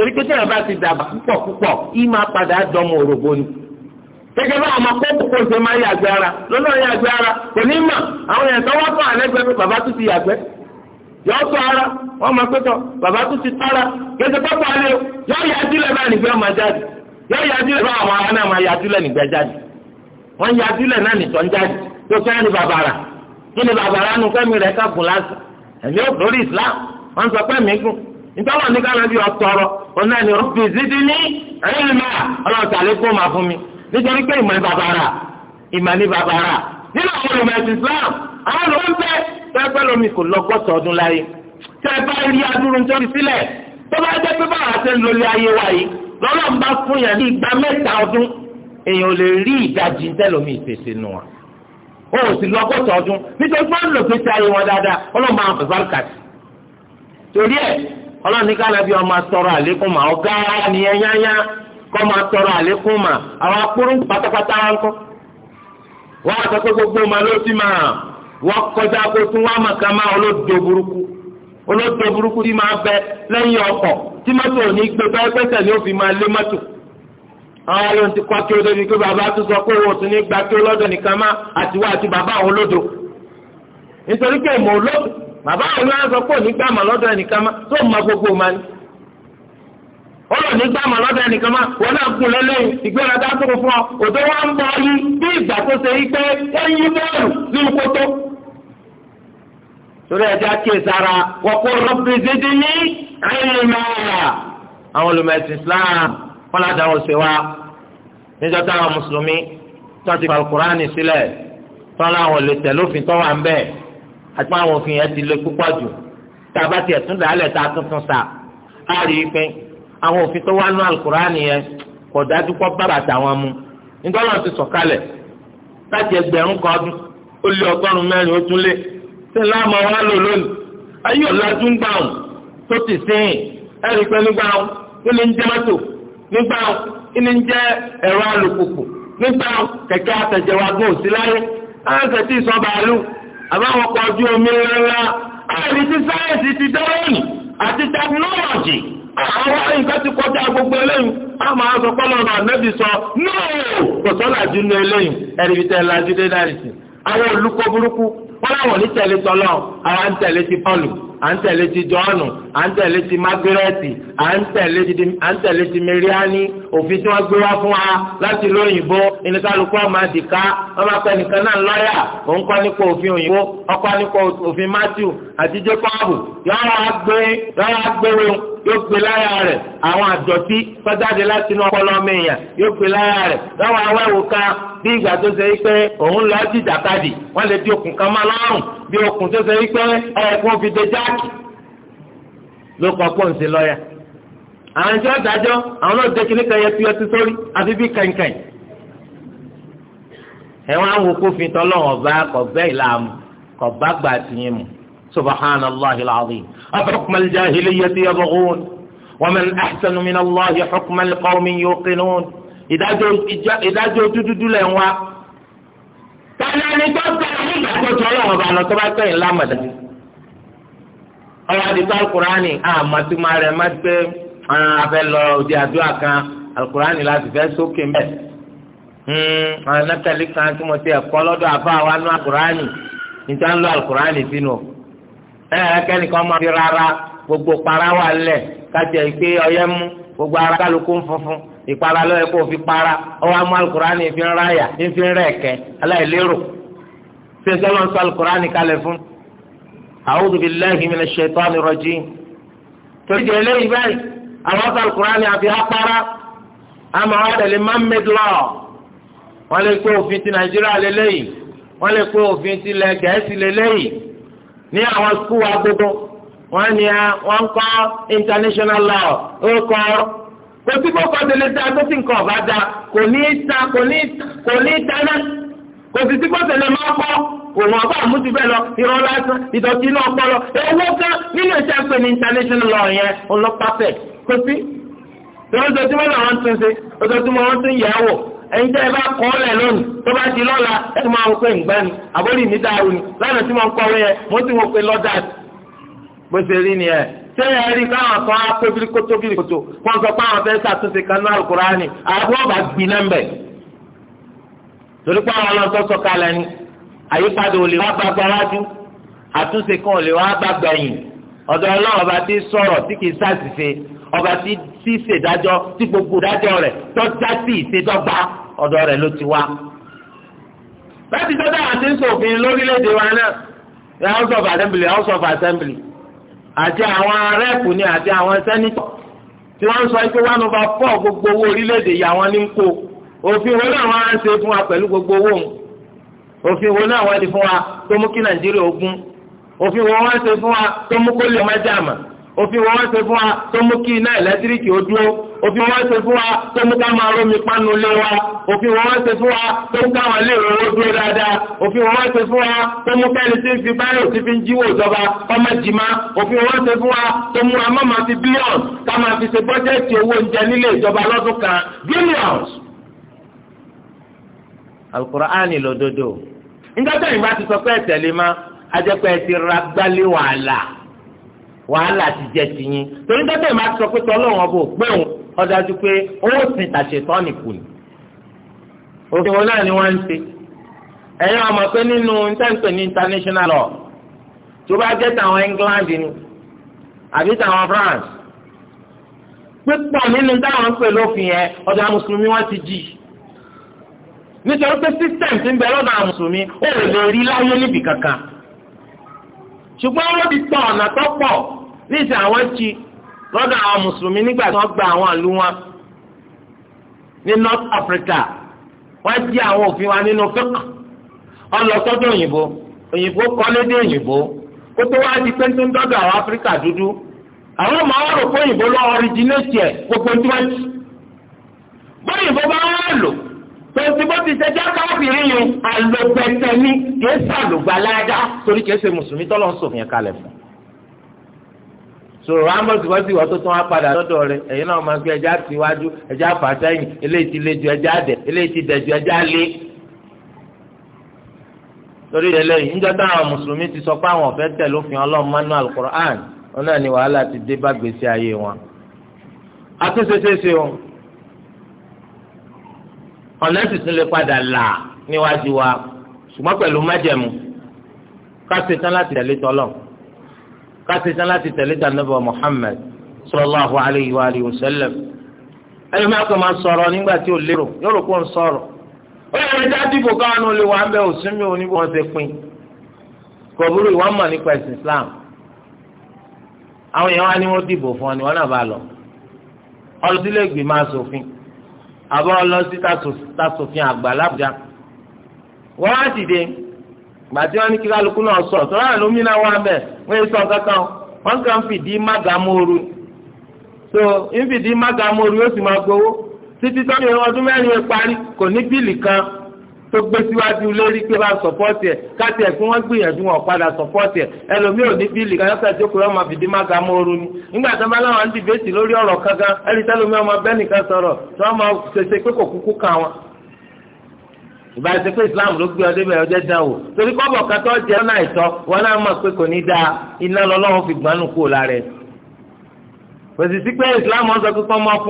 torí pé tẹ́lẹ̀ bá ti dàgbà púpọ̀ púpọ̀ yìí máa padà dánmọ̀ òrògbò ni. gẹ́gẹ́ bá àwọn akókò kò ṣe máa yàgbẹ́ ara lọ́nà ara kò ní mà àwọn èèyàn tó wá fún àlẹ́gbẹ́ pé bàbá ti yàgbẹ́ ara máa pẹ́tọ̀ bàbá ti tọ́ra gẹ́gẹ́ pápá alẹ́ o bá nìgbẹ́ ọmọ jáde yọ yàdúlẹ̀ bá àwọn ará náà máa nìgbẹ́ jáde wọ́n ọ̀nà ni rọ́bì zidni ilma ọlọ́run tàlẹ́ kó máa fún mi nítorí pé ìmọ̀ ní bàbá rà ìmọ̀ ní bàbá rà nínú àwọn olùmọ̀ ẹ̀sìn Islam àwọn ló ń bẹ pẹ́pẹ́ lomi kò lọ́gọ́sọ̀ ọdún láyé tẹ́ ẹ bá rí adúrú nítorí sílẹ̀ tó bá jẹ́ pé báwa ṣe ń lólé ayé wa yìí lọ́lọ́ ń bá fún yàn ní ìgbà mẹ́ta ọdún èèyàn ò lè rí ìdajì tẹ́lómi ìfèsè nù wọn. o ò sì lọ́gọ́sọ̀ ọdún nítorí pé wọ́n lò pé ti ayé wọn dáadáa ọlọ́run máa ń fẹ́ ọlọ́run ní kánábí ọmọ atọ́rọ àlékún mà ọ̀gá nìyẹn yányá kọ́ máa tọrọ àlékún mà àwọn akpọ́rọ́ pátápátá wọn kọ́ wọ́n á sọ gbogbo ma ló ti máa wọ́n kọjá kó tún wọ́n á mà ká máa olódo burúkú olódo burúkú ti máa bẹ lẹ́yìn ọkọ̀ tí mọ́tò ní gbé bẹ́ẹ̀ pẹ́sẹ̀ ni ó fi máa lé mọ́tò àwọn ayọ̀ ti kọ́ kí o débi pé bàbá tó sọ pé òun ò tún ní gbà kí o lọ́dọ̀ nìkan má àtiwọ́ àti bàbá òun lódo nítorí pé ìmọ̀ olódo bàbá àlọ́ àzọ pé onígbà mà lọ́dọ̀ ẹnìkan má tó ma gbogbo ma ni ọlọ́ nígbà mà lọ́dọ̀ ẹnìkan má wọn náà kú lẹ́lẹ́yìn ìgbéra dá tó fún ọ òtó wọn ń bọ yí bí ìgbà tó ṣe yí pé ó ń yí bọ́ọ̀lù nínú kótó. torí ẹja kí sara wọ́n kó rọ́bì dídí ní ẹ̀yìnmá àwọn olùmọ̀ẹ̀sìn Islam wọn láti àwọn òṣèwà níjọ́ táwọn mùsùlùmí tó ti fa àti àwọn òfin yẹn ti lé púpọ̀ jù tá a bá tiẹ̀ tún dàálẹ̀ tá a tuntun sà á rí i pé àwọn òfin tó wá nú alukurani yẹn kò dájú kó bá bàtà wọn mu nítorí wọn ti sọ̀kalẹ̀ láti ẹgbẹ̀rún kan ọdún ó lé ọgọ́rùn-ún mẹ́rin ó tún lé ṣé láàmú wa lò lónìí ayé ọ̀làjú ń gbà wọn tó ti sìn ẹ̀rí pé nígbà wọn kí ni ń jẹ́ mọ́tò nígbà wọn kí ni ń jẹ́ ẹ̀rọ alùpùpù nígbà wọn kẹ̀kẹ́ àtẹ̀jẹ̀wá gbọ́n òsì láyé tí ì sọ bàálù àbáwọn ọkọ̀ ojú omi ńláńlá àìrí tí sáyẹ̀nsì ti dẹ́rọ̀nì àti tẹkinọ́lọ́jì àwọn nǹkan ti kọjá gbogbo eléyìí a máa sọ pé ọlọ́run ànábì sọ nóò kò sọ́ làjú nu eléyìí ẹ̀rí fi tẹ̀ làjú dé dáìsì àwọn olùkọ́ burúkú wọ́n láwọn ní tẹ̀lé tọ́lọ́ àwọn ń tẹ̀lé ti pọ́lù à ń tẹ̀lé ti jọ́ọ̀nù à ń tẹ̀lé ti mágírẹ́tì à ń tẹ̀lé ti à ń tẹ̀lé ti mẹ́ríání òfin tí wọ́n gbé wá fún wa láti ló òyìnbó ìníkàlùkù ọmọ àdìká ọmọ akọ ẹnìkan náà lọ́yà òun kọ́ nípa òfin òyìnbó ọkọ nípa òfin Matthew àti yóò gbé láyà rẹ̀ àwọn àdọ̀tí tọ́jáde láti inú ọpọlọ mẹ́yà yóò gbé láyà rẹ̀ lọ́wọ́ àwọn ẹ̀wò kan bí ìgbà tó ṣe pé òun lọ sí ìjàkadì wọ́n lè di okùn kan máa lọ́rùn bí okùn tó ṣe pé ẹ̀ẹ́dẹ́gbọ́n fi de jáàkì ló kọ́ pọ́ǹsì lọ́yà àwọn ìjọ dájọ́ àwọn náà dé kíní kan yẹ tí wọ́n ti sórí àfi bí kàìnkàìn ẹ̀wọ̀n àwọn òkúfin tọ́lọ́ ọ̀bá kọ̀ bẹ́ẹ̀ ìlàmù kọ̀ bá gbà tìyẹn mu سبحان الله العظيم أفحكم الجاهلية يبغون ومن أحسن من الله حكما لقوم يوقنون إذا جو إذا جو wá. tani ẹni tó tẹ̀lé nígbà tó tọ́ lọ́wọ́ bá lọ tó bá tẹ̀yìn lámàdá. ọ̀rọ̀ àdìgbò alukurani àmàtúmá rẹ̀ má gbé abẹ́ lọ òdi àdúrà kan alukurani láti fẹ́ sókè mbẹ́. Hmm, àwọn anátàlí kan tí mo ti ẹ̀kọ́ lọ́dọ̀ àfa wa nú alukurani níta ń lọ alukurani sínú ẹ kẹ́nìkan máa fi rárá gbogbo para wà lẹ̀ kájẹ ìpè ọyẹ mú gbogbo ara kálukú ń funfun ìpara lọ́yẹ kó o fi para ọwọ́ amú alukurani fi ń ráyà fi ń rẹ̀ kẹ́ aláìlérò ṣé sọ́lọ́ ń sọ alukurani kalẹ̀ fún. a'udhu billahi minash shaitani rajim. torí jẹ́ eléyìí báyìí àwọn sọ alukurani àfi apara àmọ́ àwọn tẹ̀lé manmade law wọ́n lè kó òfin ti nàìjíríà lélẹ́yìí wọ́n lè kó òfin ti lẹ̀ gẹ̀ẹ́sì lélẹ́yìí ní àwọn skul wa gbogbo wọ́n ní ah, wọ́n kọ́ international law ó kọ́ kò sí kó kọ́ délé dá tó sì ń kọ́ ọ̀bá dá kò ní í ta kò ní í dáná kò sì sí kó tẹ̀lé máa kọ́ òun ọba àmúti bẹ́ẹ̀ lọ irọ́ lásán ìdọ̀tí náà pọ̀ lọ owó kan nínú iṣẹ́ pé ní international law yẹn ọlọ́pàá fẹ̀ kò sí. ìrọ́jọ́ tí wọ́n náà wọ́n tún ṣe ọjọ́ tí wọ́n tún yẹ̀ wò ẹ̀yin tẹ́ ẹ bá kọ́ ọ́lẹ̀ lónìí tó bá di lọ́la ẹ ti máa wọ pé ǹgbà ni àbórí mi dàrú ni lánàá tí mo ń kọ́wé yẹn mo ti wọ pé lọ́dà bó ṣe rí ni ẹ̀ ṣé ẹ rí káwọn kan á pé bíríkótó bíríkótó wọn sọ pé àwọn fẹ́ ṣàtúnṣe kan náà Al-Kùránì àbúrò bá gbiná ń bẹ̀ torí pé àwọn ọlọ́sọ sọ kalẹ̀ ni àyípadà ò lè wá bá gbáwájú àtúnṣe kan ò lè wá bá gbẹ̀yìn ọ̀dọ̀ ọlọ́run ọba tí sọ̀rọ̀ tí kìí ṣàṣìṣe ọba tí ṣèdájọ́ tí gbogbo dájọ́ rẹ̀ tọ́já sí ìṣèdọ́gba ọ̀dọ̀ rẹ̀ ló ti wá. láti tọ́jú àti ṣòfin lórílẹ̀‐èdè wa náà ní house of assembly house of assembly àti àwọn rẹ́ẹ̀pù ni àti àwọn sẹ́nitọ̀ tí wọ́n ń sọ pé one over four gbogbo owó orílẹ̀‐èdè yà wọ́n ní kó òfin wo náà wọ́n á ṣe fún wa pẹ̀lú gbogbo owó òun òfin wo náà wọ́n ti fún wa tó mú kí nàìjíríà ogun òfin wo wọ́n ṣe fún wa tó mú kó lè má jàmà òfin wọn ṣe fún wa tó mú kí iná ẹ̀lẹ́tíríkì ó dúró òfin wọn ṣe fún wa tó mú ká máa rómi pánu lé wa òfin wọn ṣe fún wa tó mú káwọn ilé ìrọ̀rọ̀ dúró dáadáa òfin wọn ṣe fún wa tó mú kẹ́ni tí ń fi báyọ̀ tí fi ń jíwò ìjọba ọmọ jìmá òfin wọn ṣe fún wa tó mú amọ́ máa bílíọ̀n ká máa fi ṣe bọ́jẹ́ẹ̀tì owó oúnjẹ nílé ìjọba lọ́dún kan bílíọ̀ns. al wàhálà ti jẹ tiyín torí dọ́tẹ̀ máa sọ pé tọ́lọ́wọ́n bò pé òun ọ̀dájú pé owó sin tàṣetọ́ nìkù ni òfin wọn náà ni wọ́n ń ṣe ẹ̀yin ọmọ pé nínú ntẹ́ǹtẹ̀ ní international law tó bá jẹ́ tàwọn England ni àbí tàwọn France pípọ̀ nínú táwọn ń pè lófin yẹn ọ̀dọ̀ mùsùlùmí ti jì nítorí pé system ti ń bẹ lọ́dọ̀ àwọn mùsùlùmí ó lè rí láyé níbi kankan ṣùgbọ́n wọ́n ti tọ̀ ọ̀nà tó pọ̀ níìsín àwọn ti lọ́dọ̀ àwọn mùsùlùmí nígbà tí wọ́n gba àwọn àlú wọn ní North Africa wọ́n jí àwọn òfin wa nínú fẹ́k ọlọ́sọ́dọ̀ òyìnbó òyìnbó kọ́lédé òyìnbó kó tó wá di pẹ́ńtó ń dọ́dọ̀ àwọn Áfíríkà dúdú àwọn ọmọ àwọn rò pé òyìnbó lọ ọrìjìnẹ́tì ẹ̀ gbogbo tí wọ́n ti bóyìnbó bá wà lò tòsí bó ti ṣẹjọ́ káfíìrì yìí àlòpẹ̀tẹ̀ ni kìí sàlùgbàládá torí kìí ṣe mùsùlùmí tọ́lọ́ ń sòfin ẹ̀ka lẹ̀ fún un. sòrò amos wọ́n wọ́n tó wá padà lọ́dọ̀ rẹ̀ ẹ̀yin náà máa gbé ẹja tiwájú ẹja fàtẹ́yìn eléyìí ti lé ju ẹja dẹ̀ eléyìí ti dẹ̀ ju ẹja lé. ti sọ pé àwọn ọ̀fẹ́ tẹ̀ lófin ọlọ́run alukur'an wọn náà ti dé bá gbèsè ayé wọn. ọ̀nà lè padà là níwájú wa ṣùgbọ́n pẹ̀lú májẹ̀mú káṣí sàn láti tẹ̀lé tà nàbà Muhammad sallallahu alayhi wa alihi wa sallam ẹni máa kọ́ máa sọ̀rọ̀ nígbà tí ò lérò yóò rò pé ń sọ̀rọ̀ ó yẹ kí dádìbò káwọn olè wà ń bẹ òsín mi ò ní bí pin kò ìwà mọ̀ nípa ẹ̀sìn Islam àwọn èèyàn wá ní wọ́n dìbò fún ọ ni wọ́n náà bá lọ ọlọsílẹ̀ ìgbìmọ̀ asòfin àbọ̀ ọlọsí tasòfin àgbà lábújá wọ́n á dìde gbàtí wọn ní kí kálukú náà sọ tọ́lá àná omi náà wà mẹ́ wọ́n yé sọ kankan wọ́n kàn fìdí so ń fìdí mágàmóoru yóò sì máa gbowó títí tọ́jú ọdún mẹ́rin parí kò ní kan tó gbé síwájú lórí pé bá sọpọ́ọ̀tì ẹ̀ káàtì ẹ̀ kí wọ́n gbìyànjú wọn padà sọpọ́ọ̀tì ẹ̀ ẹlòmíì ò ní kan tí ó kúrò ọmọ fìdí ni nígbà tó bá láwọn ń lórí ọ̀rọ̀ kankan ìbá ṣe pé islam ló gbé ọdẹ bẹ́ẹ̀ ọjọ́ dán o torí kọ́bọ̀ kan tó jẹ́ ọ̀nà àìtọ́ wọn náà mọ̀ pé kò ní dáa iná lọ́lọ́run fi gbanú kúrò lára ẹ̀. kò sì sí pé islam wọn sọ pé kọ́ máa fọ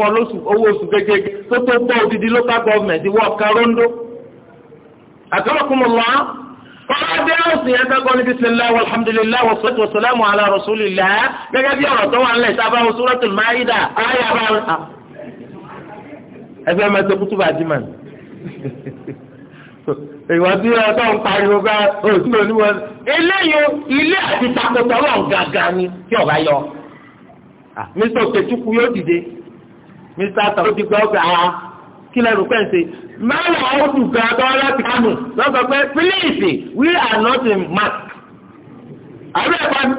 owó oṣù kékeré tó tó gbọ́ odidi local government wọ ọ̀kan rondo. àtọ́lọ́kùnmọ̀ lọ́wọ́ kọ́ládé ọ̀sìn yẹn sẹ́kọ̀ọ́ ní bisimilahi alhamdulilayi wa sọ́tù ìwọ tí ẹ tó ń pariwo bá òtún oníwọ eléyìí ilé àti takòtò Ọlọ́run gàgà ni tí ọba yọ Mr. Okechukwu yóò dìde Mr. tàbódìgbà ọgbà á ah, kí lẹ́nu pẹ́ǹsì mẹ́rin àwọn olùgbà tó láti kánò lọ́sọ̀ pé please we are not in mass. àbí ẹ̀fọ́ ni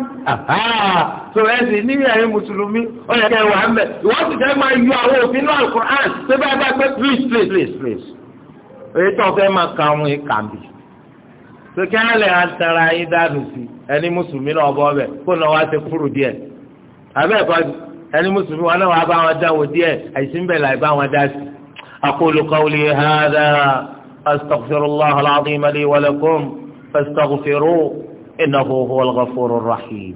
ah, so ẹ̀sìn ní ẹ̀yin mùsùlùmí ó yẹ kẹ́ ẹ̀ wà ń bẹ̀ ìwọ́n sì fẹ́ máa yọ àwọn òfin náà Al-Qur'an tó bá bá pé please please please please èyí tó fẹ́ máa ka àwọn ìkàmbì sókè alẹ́ atara yín dànù sí ẹni mùsùlùmí náà bọ́ bẹ̀ kó náà wá ti kúrò díẹ̀ abẹ́ ẹ̀kọ́ ẹni mùsùlùmí wọn náà wá bá wọn dáwọ́ díẹ̀ àìsí ń bẹ̀ láì bá wọn dá sí. aqulu qawli hadha astaghfirullah al-azim li wa lakum rahim.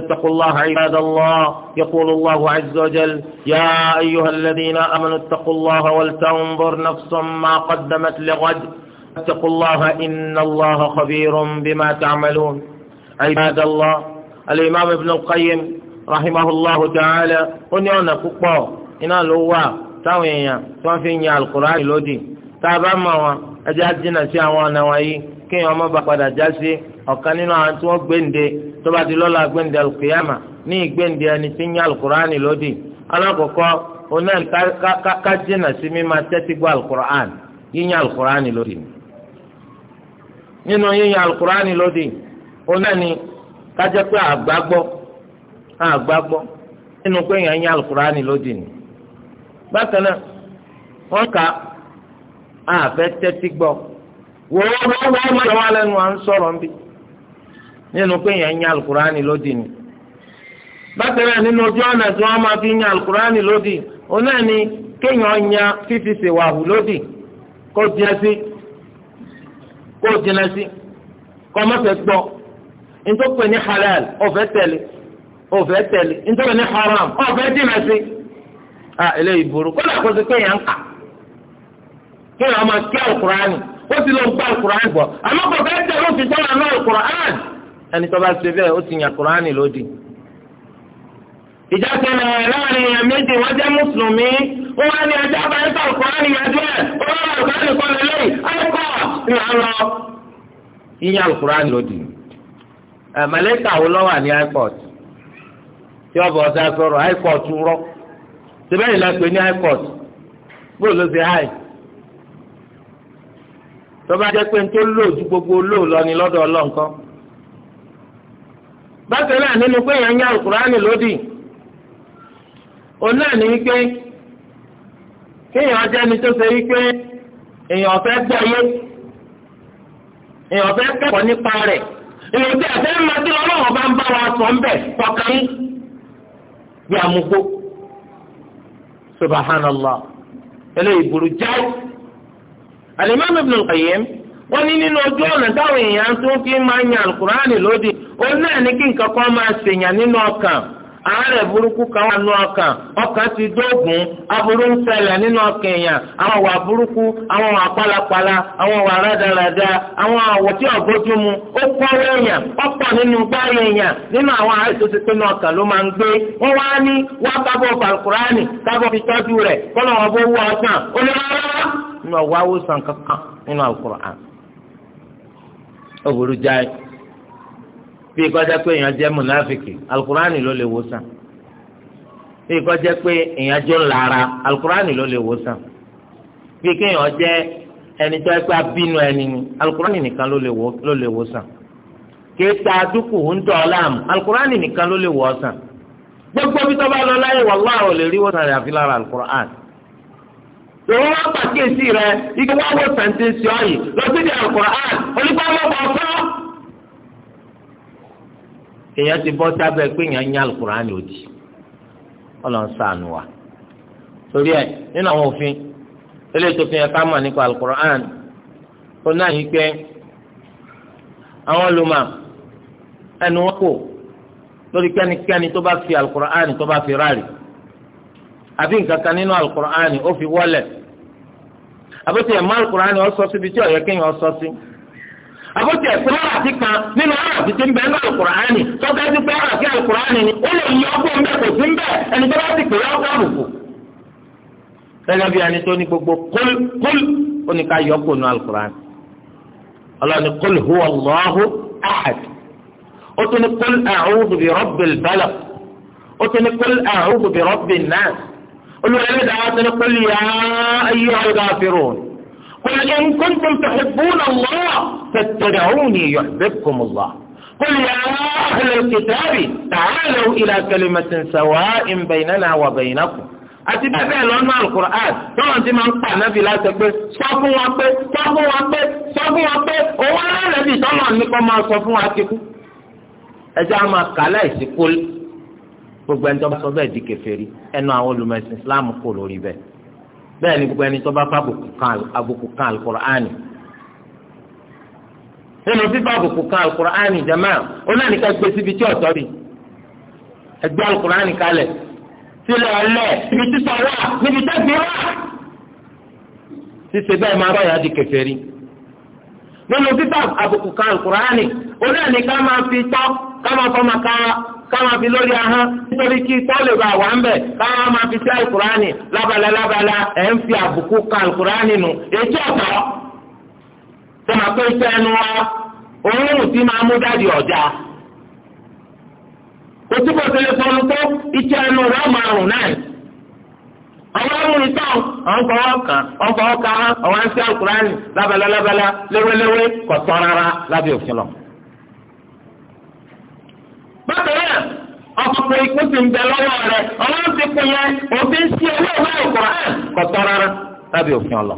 فاتقوا الله عباد الله يقول الله عز وجل يا أيها الذين آمنوا اتقوا الله ولتنظر نفس ما قدمت لغد اتقوا الله إن الله خبير بما تعملون عباد الله الإمام ابن القيم رحمه الله تعالى قل أنا كبار إن الله تاوين تاوين القرآن الودي تابا لودي تابعوا أجل جنة وانا وعي كي يوم بقى جاسي وكان ينوان àwọn tí tọba ti lọ́la gbẹ̀ndẹ̀ alùkìyàmà ní ìgbẹ̀ndẹ̀ ẹni ti ń yá alukur'an lódì alákọ̀ọ́kọ́ ka ká si sí mímá tẹ́tí gbọ́ alukur'an yíyan alukur'an lódì nínú yíyan alukur'an lódì oná ni pé àgbàgbọ́ àgbàgbọ́ nínú pé yíyan yíyan lódì ni bákan náà gbọ wọ́n wọ́n ń sọ̀rọ̀ nbí. nínú pé yẹn ń yan alukurani lódì ni bákan náà nínú ojú ọ̀nà tí wọ́n máa fi yan alukurani lódì òun náà ni kéèyàn yan fífi ṣèwàhù lódì kó jìnnà sí kó jìnnà sí kó má fẹ́ gbọ́ ntọ́pẹ́ ní halal ọ̀fẹ́ tẹ̀lé ọ̀fẹ́ tẹ̀lé ntọ́pẹ́ ní haram ọ̀fẹ́ jìnnà sí a eléyìí burú kó lóò kóso kéèyàn ń kà kéèyàn máa kí alukurani ó ti lọ gbọ́ alukurani bọ̀ àmọ́ kò fẹ́ tẹ̀lé òfin tọ́lá náà ẹni tó bá ṣe bẹ́ẹ̀ ó ti yàn kúránì lódì. ìjà kẹlẹ̀ láàrin èèyàn méjì wọ́n jẹ́ mùsùlùmí wọ́n wá ní ẹjọ́ bá ń sọ̀rọ̀ kúránì yàjú ẹ̀ wọ́n wá kúránì kọ́ lé lẹ́yìn ọkọ̀ yíyan kúránì lódì. màlẹ́kà wo lọ́wọ́ ní airport tí ọ̀bọ̀ ọ̀sẹ̀ sọ̀rọ̀ airport rọ́ síbẹ̀yìn la ní airport bó ló ṣe háì tó bá jẹ́ pé ń tó lò ju gbogbo lò lọ ní lọ́dọ̀ ọlọ́nkọ́ bákan náà nínú pé èèyàn ń yá alukurani lódì òun náà ní wípé kéèyàn jẹ́ ẹni tó ṣe wípé èèyàn fẹ́ gbọ́yé èèyàn fẹ́ kẹ́kọ̀ọ́ nípa rẹ̀ èèyàn tí àfẹ́ máa tí ọlọ́run bá ń bá wa sọ ń bẹ̀ yín bí amúgbó subahánàlá eléyìí burú alimami ní òun náà ní kí nǹkan kan máa ninu nínú ọkàn àárẹ̀ burúkú kan wà nínú ọkàn ọkàn ti dóògùn aburú ń ṣẹlẹ̀ nínú ọkàn èèyàn àwọn wà burúkú àwọn wà pálapàla àwọn wà rádaràda àwọn àwọ̀ tí ọ̀gbójú mu ó pọ̀ èèyàn ọ̀pọ̀ nínú gbáyé èèyàn nínú àwọn àárẹ̀ tó ti pé ní ọkàn ló máa ń gbé wọ́n wá ní wá balùkùránì fi tọ́jú rẹ̀ kọ́nà bí kọjá pé èèyàn jẹ́ mùnáfìkì alukurani ló lè wò sàn bí kọjá pé èèyàn jọ lára alukurani ló lè wò sàn bí kéèyàn jẹ́ ẹni tó ẹ pé abínú ẹni ni alukurani nìkan ló lè wò sàn kéta dúkù ń tọ́ lam alukurani nìkan ló lè wò sàn gbogbo bí tọ́ba lọ láyé wàláhì ò lè rí wò sàn rẹ̀ àfi lára alukurani lọ́wọ́ wá pàkíyèsí rẹ̀ ike wá wò sàn ti ń sọ yìí lọ sí di alukurani onígbà wọn kọ̀ èèyàn ti bọ́ sábẹ́ pé èèyàn ń yá alukur'ani òdì ọlọ́run wa torí ẹ nínú àwọn òfin eléyìí tó fi hàn ká mọ̀ nípa alukur'an ó náà yí pé àwọn ẹnu wọn kò lórí tó bá fi alukur'an tó bá fi ráàlì àbí nǹkan kan nínú alukur'an ó fi wọlé ó sọ síbi tí kéèyàn àbótí ẹ̀sìn lọ́wọ́ àti kan nínú aráàfin ti ń bẹ nínú alukur'ani tọ́ka ti pé aráàfin alukur'ani ni ó lè yí ọgbọ́n bẹ́ẹ̀ kò sí ń bẹ́ẹ̀ ẹni tó bá ti pè é ọgbọ́n àbùkù. gẹ́gẹ́ bí ẹni tó ní gbogbo kúl kúl ó ní ká yọ kó nu alukur'ani. ọlọ́ni kúl huwa Allahu ahad ó tún ní kúl a'udhu bi rabbil ó tún ní kúl a'udhu bi rabbin nas olùwẹ̀lẹ́dàá tún ní قل إن كنتم تحبون الله فاتبعوني يحببكم الله قل يا أهل الكتاب تعالوا إلى كلمة سواء بيننا وبينكم àti bẹ́ẹ̀ bẹ́ẹ̀ lọ́nà alukur'an tọ́wọ́n ti máa ń pa ànábì láti pé sọ fún wa pé sọ fún wa pé sọ fún wa pé òun alárẹ̀bì tọ́lọ̀ ní kọ́ máa sọ fún wa kíkú. ẹjẹ́ a máa kà láìsí kólé gbogbo ẹni tó bá sọ bẹ́ẹ̀ di kèfèrí ẹnu àwọn olùmọ̀ẹ́sìn Islam kò lórí bẹ́ẹ̀ bẹ́ẹ̀ ni gbogbo ẹni tó bá fa àbùkù kan alukur'ani nínú fífa àbùkù kan alukur'ani jama onáníkà gbé síbi tí ọ̀tọ́ rí ẹgbẹ́ alukur'ani kalẹ̀ sílẹ̀ ọlẹ́ ibi títọ̀ wà níbi tẹ́sí wà ṣíṣe bẹ́ẹ̀ máa rọ̀ yá di kèfèrí nínú fífa àbùkù kan alukur'ani onáníkà máa fi tọ́ ká máa fọ́ máa ká wa káwọn fi lórí ahọ́n nítorí kí tọ́lẹ̀ bá wà ń bẹ̀ káwọn máa fi sí alukurani lábala lábala ẹ̀ ń fi àbùkù ka alukurani nù ètò ọ̀tọ̀ tọ́mà pé iṣẹ́ ẹnu wa òórùn tí máa mú dáàdi ọ̀já kò tí kò tẹ̀lé fọlù tó iṣẹ́ ẹnu wa máa rùn náà àwọn amúni tán àwọn fọwọ́ kan àwọn fọwọ́ kan àwọn ń sí alukurani lábala lábala léwéléwé kò bákan ya ọkùnrin ikú ti ń bẹ lọ́wọ́ rẹ̀ ọlọ́run ti pin yẹn òfin sí owó ìwé kọ̀tọ́ rárá òfin ọlọ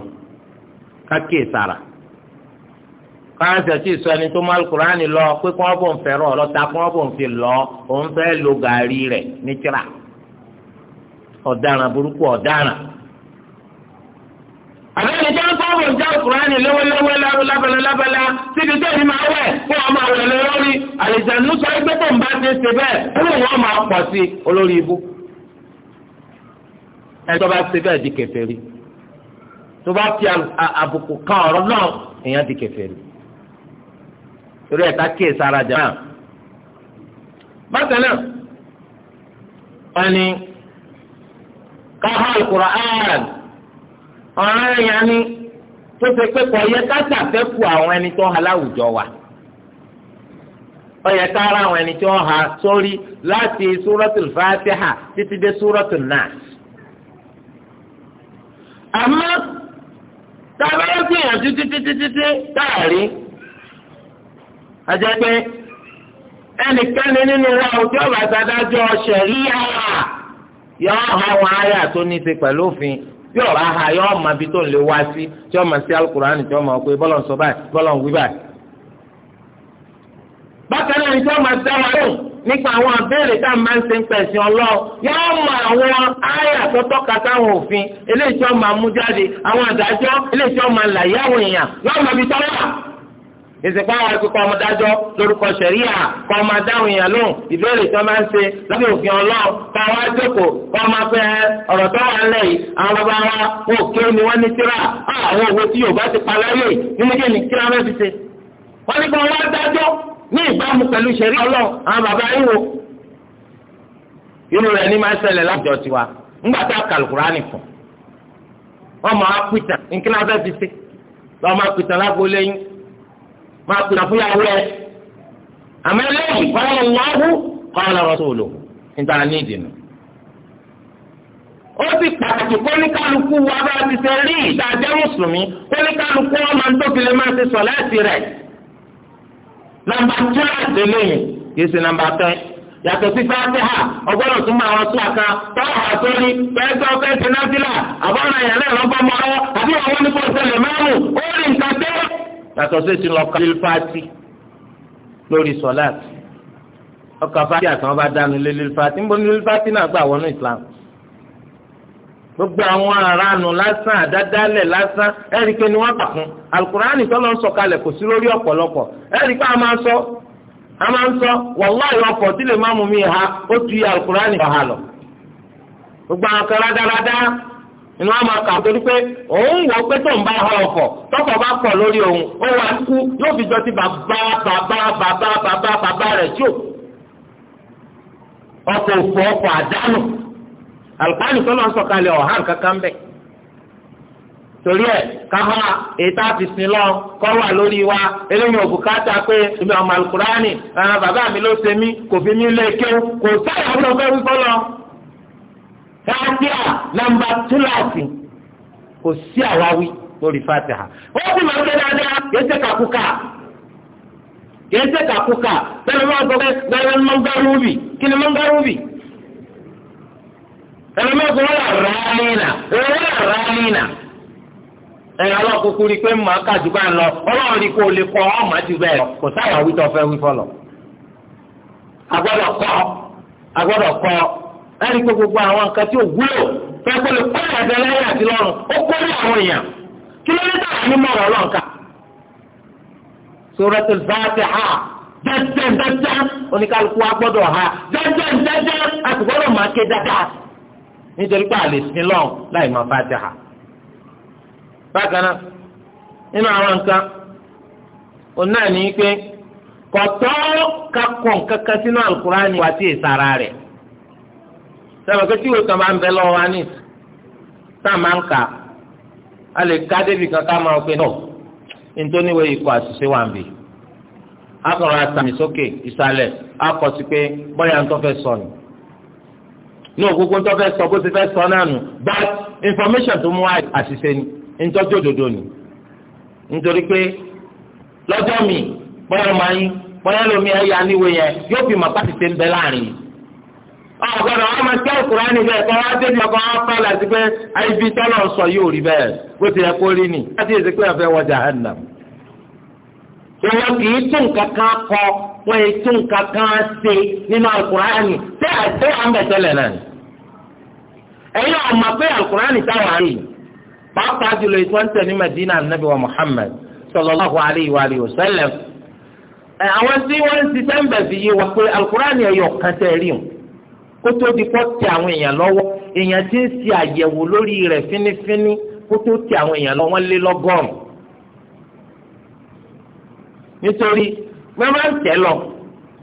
kákìí sára káyọ̀sì àti ìsọ ẹni tó máa lọ pé kí àbẹ́ni tí wọ́n kọ́ ọ̀rọ̀ ìjà òkúránì lọ́wọ́lọ́wọ́ lábala lábala síbi tó ní máa wẹ̀ kó wọ́n máa wẹ̀ lórí àlìjànú sọ ẹgbẹ́ tó ń bá ṣe ṣe bẹ́ẹ̀ ẹgbẹ́ wọn máa pọ̀ sí olórí ibú. ẹjọ́ bá ṣe bẹ́ẹ̀ di kèfèrí tó bá fi àbùkù kan ọ̀rọ̀ náà èèyàn di kèfèrí. torí ẹ̀ka kíyè sára jà náà. bákan náà wọ́n ní ọ̀ràn ẹ̀yà ni tó ṣe pé kò yẹ ká ṣàfẹ́kù àwọn ẹni tó wa ó yẹ ká ara àwọn ẹni tó ha láti títí dé súrọ́tù náà. àmọ́ tàbí ó gbìyànjú títí títí táàrí àjẹ́ pé nínú wa tí ọ̀rọ̀ aha yọ ọmọ abi tó lè wá sí tí ọmọ sí alukurani tí ọmọ pé bọ́lọ̀ ń sọ báyìí ń wí báyìí. bákan náà ní tí sí nípa àwọn abéèrè tá a máa ń ṣe ń pẹ̀sìn ọlọ́ọ̀ yọ ọmọ àwọn àyà tó tọ́ka sáwọn òfin eléyìí tí àwọn àdájọ́ eléyìí tí ma èèyàn ìsìnkú àwọn akókò ọmọdájọ́ lórúkọ sẹ̀ríà kọ́ ọmọ adáhùn èèyàn lóhùn ìbéèrè tó máa ń ṣe lábẹ́ òfin ọlọ́run kọ́ ọmọ àjòkò kọ́ ọmọ afẹ́ ọ̀rọ̀ tó wà nílẹ̀ yìí àwọn bàbá wa wọn ò kéwòn ni wọ́n ní tíra ah, àwọn òwe tí Yorùbá ti pa láyé nínú kí ni kíra mẹ́ fi ṣe. wọ́n ní kọ́ ọmọ adájọ́ ní ìbámu pẹ̀lú sẹ̀ríà ọlọ́run àwọn bàbá yín wo inú rẹ̀ ní máa ń ṣẹlẹ̀ tiwa ńgbà tá a kàlùkùránì fún fi ṣe lọ́ọ́ máa lágbo lẹ́yìn máa kùnà fún yàwó rẹ àmọ́ ẹlẹ́yìn kọ́lá wàhù kọ́lá rọ́sọ̀lù níta ní ìdènà. ó sì pàtàkì kóníkálukú wa bá ti ṣe rí ìdájẹ́ mùsùlùmí kóníkálukú wa máa ń tókìlẹ̀ máa ti sọ̀ láti rẹ̀. nàmbà tó láti lẹ́yìn kì í ṣe nàmbà tẹ́ yàtọ̀ sí fàtíhà ọgbọ́dọ̀ tún máa wọn tún àka tọ́wọ́ àtọ́rí pẹ́ẹ́tọ́ fẹ́ẹ́ ṣe náfìlà àbọ̀nà ìyàlẹ́ ìrọ́gbọ́mọ́ àbí àwọn onífọ̀ọ́sẹ̀lẹ̀ márùn-ún ó rí nǹkan yàtọ̀ sí ti lọ ka lílfàtì lórí sọláàtì ọkà fati àtàwọn bá dánu lé lílfàtì níbo ni lílfàtì náà gbà wọnú islam gbogbo àwọn aráàlú lásán àdádálẹ̀ lásán ẹ̀ríkẹ́ ni wọ́n fún alukurani tó lọ ń sọ̀kalẹ̀ kò sí lórí ọ̀pọ̀lọpọ̀ ẹ̀ríkẹ́ a máa ń sọ a máa ń sọ wàláhì ọkọ̀ tí lè má mú mi ha ó tu alukurani kọ̀ ha lọ gbogbo àwọn kan rádáradá inú wa máa kà torí pé òun wọ pé tó ń bá ọ ọkọ tọkọ bá kọ lórí òun ó wà kú yóò fi jọ ti bàbá bàbá bàbá bàbá bàbá rẹ jù ọkọ òfò ọkọ àdánù tó lọ sọ̀kalẹ̀ ọhán kankan bẹ torí ẹ káfá ètò àfìsìn lọ kọ wà lórí wa eléyìí òbúkátà pé èmi ọmọ alukurani bàbá mi ló ṣe mí kò fi mí lé kéw kò sáyà wúlò fẹ́ wí fọlọ. fàtíà nàmbà túláàsì kò sí àwáwí lórí fàtíà ó sì máa ń gbé dáadáa kìí ṣe kàkúkà kìí ṣe kàkúkà bẹ́ẹ̀ máa gbọ́ bẹ́ẹ̀ mọ́ngàrúbì kí ni mọ́ngàrúbì ẹ̀rọ máa gbọ́ wọ́n ràálìnà ẹ̀rọ wọ́n ràálìnà ẹ̀rọ ọlọ́kùnkùn rí i pé màá kà jù bá ọlọ́run rí i kó o lè kọ́ ọmọ àti bẹ́ẹ̀ lọ kò sáyà wí tó fẹ́ wí fọlọ́ láti kó gbogbo àwọn nǹkan tí ò wúlò fẹ́ kó lè kó àti lọ́rùn ó kó ní àwọn èèyàn kí ló ní mọ̀rọ̀ ọlọ́ǹkà. ha dandan máa ké dáadáa nítorí pé àlè láì máa nínú àwọn nǹkan náà ní pé kọ̀tọ́ kakọ̀ sínú sẹ́wọ̀n pé tí ìwé kan máa ń bẹ lọ́wọ́ wa ní sáà máa ń kà á lè ká débi kan ká máa pe náà nítoríwé ikọ̀ àṣìṣe wà ń bì. akọ̀rọ̀ àtàmì sókè ìsàlẹ̀ akọ̀ pé bọ́yá ń tọ́ sọ ni. ní òkúkú ń tọ́ sọ bó ti fẹ́ sọ náà nù but information tó mú àṣìṣe ni ntọ́jú òdodo ni. nítorí pé lọ́jọ́ mi bọ́yá máa yín bọ́yá lómi ẹ̀yà níwèé yẹn yóò fi màpá ti ṣe ń bẹ láàrin yìí ọ̀gbọ́dọ̀ wọn máa tẹ́ òkúránì bẹ́ẹ̀ kọ́ wá débi ọkọ̀ wọn fà láti pé ibi tọ́lọ̀ sọ yóò rí bẹ́ẹ̀ bó ti yẹ kó rí ni ìwọ kì í tún kankan kọ wọn tún kankan ṣe nínú tẹ́ náà. ẹ̀yin pé táwọn pàápàá jùlọ ní Medina wa Muhammad sallallahu alayhi wa wa sallam. àwọn tí wọ́n fi yé wa pé rí kó tó di kó tẹ àwọn èèyàn lọ́wọ́ èèyàn ti ń ṣe àyẹ̀wò lórí rẹ̀ fínífíní kó tó tẹ àwọn èèyàn lọ wọ́n lé lọ́gọ́rùn. nítorí mẹ́mà ń tẹ́ lọ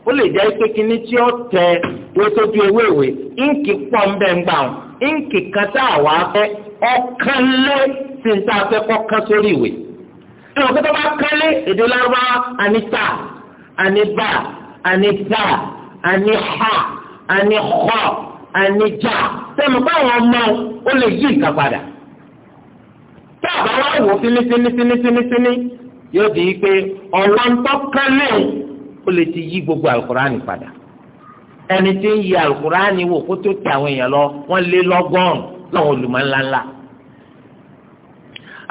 ó lè jẹ́ pé kíní tí ó tẹ yóò tó ju ewéèwé íǹkì pọ̀ ń bẹ̀ ń gbà wọn íǹkì kan tá a wà á fẹ́ ọ̀kan lé sí ní tá a fẹ́ kọ́ sórí ìwé. ìwọ̀n kí tó bá kán lé èdè lárúbáwá àní tà àní bà àní tà àní hà àní xọ àní jà sẹ́mi báwọn ọmọ ó lè yí nǹkan padà tá fini fini fini fini fínífínífínífínífíní yóò di pé ọ̀wọ́ ntọ́kánlẹ̀ ó lè ti yí gbogbo àlùkùránì padà ẹni tí ń yí àlùkùránì wò kó tó tẹ àwọn èèyàn lọ wọ́n lé lọ́gọ́rùn láwọn olùmọ̀ ńláńlá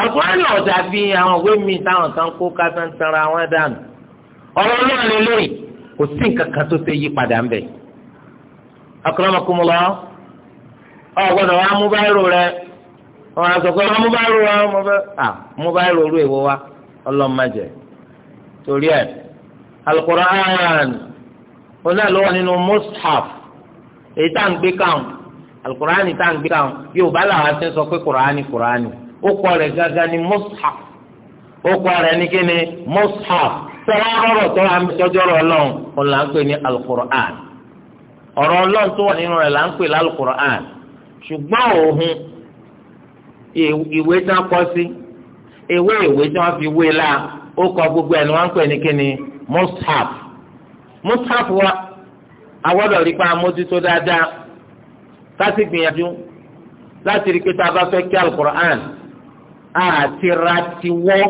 àlùkùránì ọ̀dà bí àwọn òwe mi táwọn kan kó kásán tanra wọn dànù ọ̀rọ̀ náà lè kò sí nǹkan kan tó ṣe yí padà ń bẹ̀. akramakumullah ọ gbọ́dọ̀ wá mú rẹ olú èwo wa ọlọmọdé torí ẹ ọrụ oní àlọ́wọ́ nínú mushaf èyí tá à ń gbé kàn alukur'an tá à ń gbé kàn bá pé kur'ani kur'ani ó rẹ̀ ọ̀rọ̀ ọlọ́run tó wà nínú rẹ̀ là ń pè lálùkùránì ṣùgbọ́n òun ìwé tí wọ́n kọ́ sí ìwé ìwé tí wọ́n fi wé e la ó kọ gbogbo ẹ̀ ni wọ́n ń pè ní kíni mushaf mushaf wa awọ́dọ̀ rí pa mójútó dáadáa láti gbìyànjú láti rí pé tá a bá fẹ́ kí alukur'an àtiratiwọ́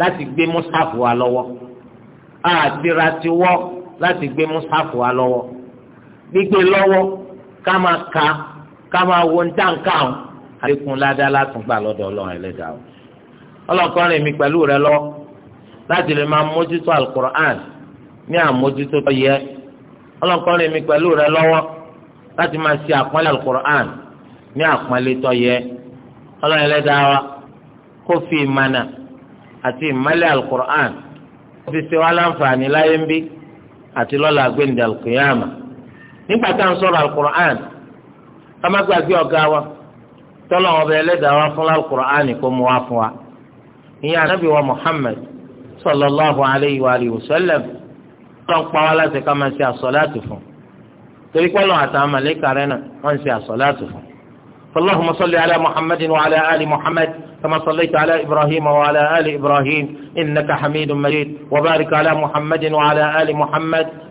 láti gbé mushaf wa lọ́wọ́ àtiratiwọ́ láti gbé mushaf wa lọ́wọ́ gbígbé lọ́wọ́ ká máa ka ká máa wo ntáǹkà o àlékún látún gbà lọ́dọ̀ ọlọ́run ẹlẹ́dàá o ọlọ́kọ́rin mi pẹ̀lú rẹ lọ láti lè máa mójútó alukur'an ní àmójútó tó yẹ ọlọ́kọ́rin mi pẹ̀lú rẹ lọ́wọ́ láti máa ṣe àpọ́nlé alukur'an ní àpọ́nlé tó yẹ ọlọ́run ẹlẹ́dàá wa kó fi àti alukur'an kó fi ṣe wá láǹfààní láyé ń bí nígbà tá à ń sọ̀rọ̀ alukur'an ká má gbàgbé ọ̀gá wa tọ́lọ̀ ọbẹ̀ ẹlẹ́dàá wa fún alukur'an kó mu wá fún wa ìyẹn anabi wa muhammed sallallahu alayhi wa alihi wa sallam lọ́n pa wá láti ká ṣe àsọ̀láàtì fún torí pé àtàwọn màlẹ́kà rẹ̀ náà wọ́n ṣe àsọ̀láàtì fún. فاللهم صل على محمد وعلى آل محمد كما صليت على إبراهيم وعلى آل إبراهيم إنك حميد مجيد وبارك على محمد وعلى آل محمد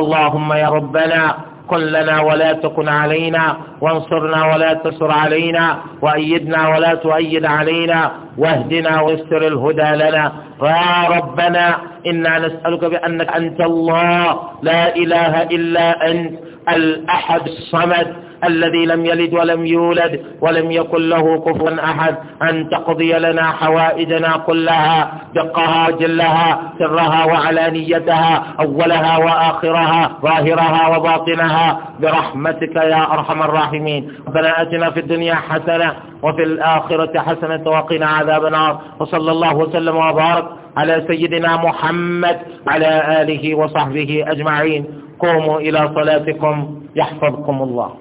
اللهم يا ربنا كن لنا ولا تكن علينا وانصرنا ولا تنصر علينا وأيدنا ولا تؤيد علينا واهدنا واستر الهدى لنا يا ربنا إنا نسألك بأنك أنت الله لا إله إلا أنت الأحد الصمد الذي لم يلد ولم يولد ولم يكن له كفوا أحد أن تقضي لنا حوائجنا كلها دقها جلها سرها وعلانيتها أولها وآخرها ظاهرها وباطنها برحمتك يا أرحم الراحمين ربنا أتنا في الدنيا حسنة وفي الآخرة حسنة وقنا عذاب النار وصلى الله وسلم وبارك على سيدنا محمد على آله وصحبه أجمعين قوموا إلى صلاتكم يحفظكم الله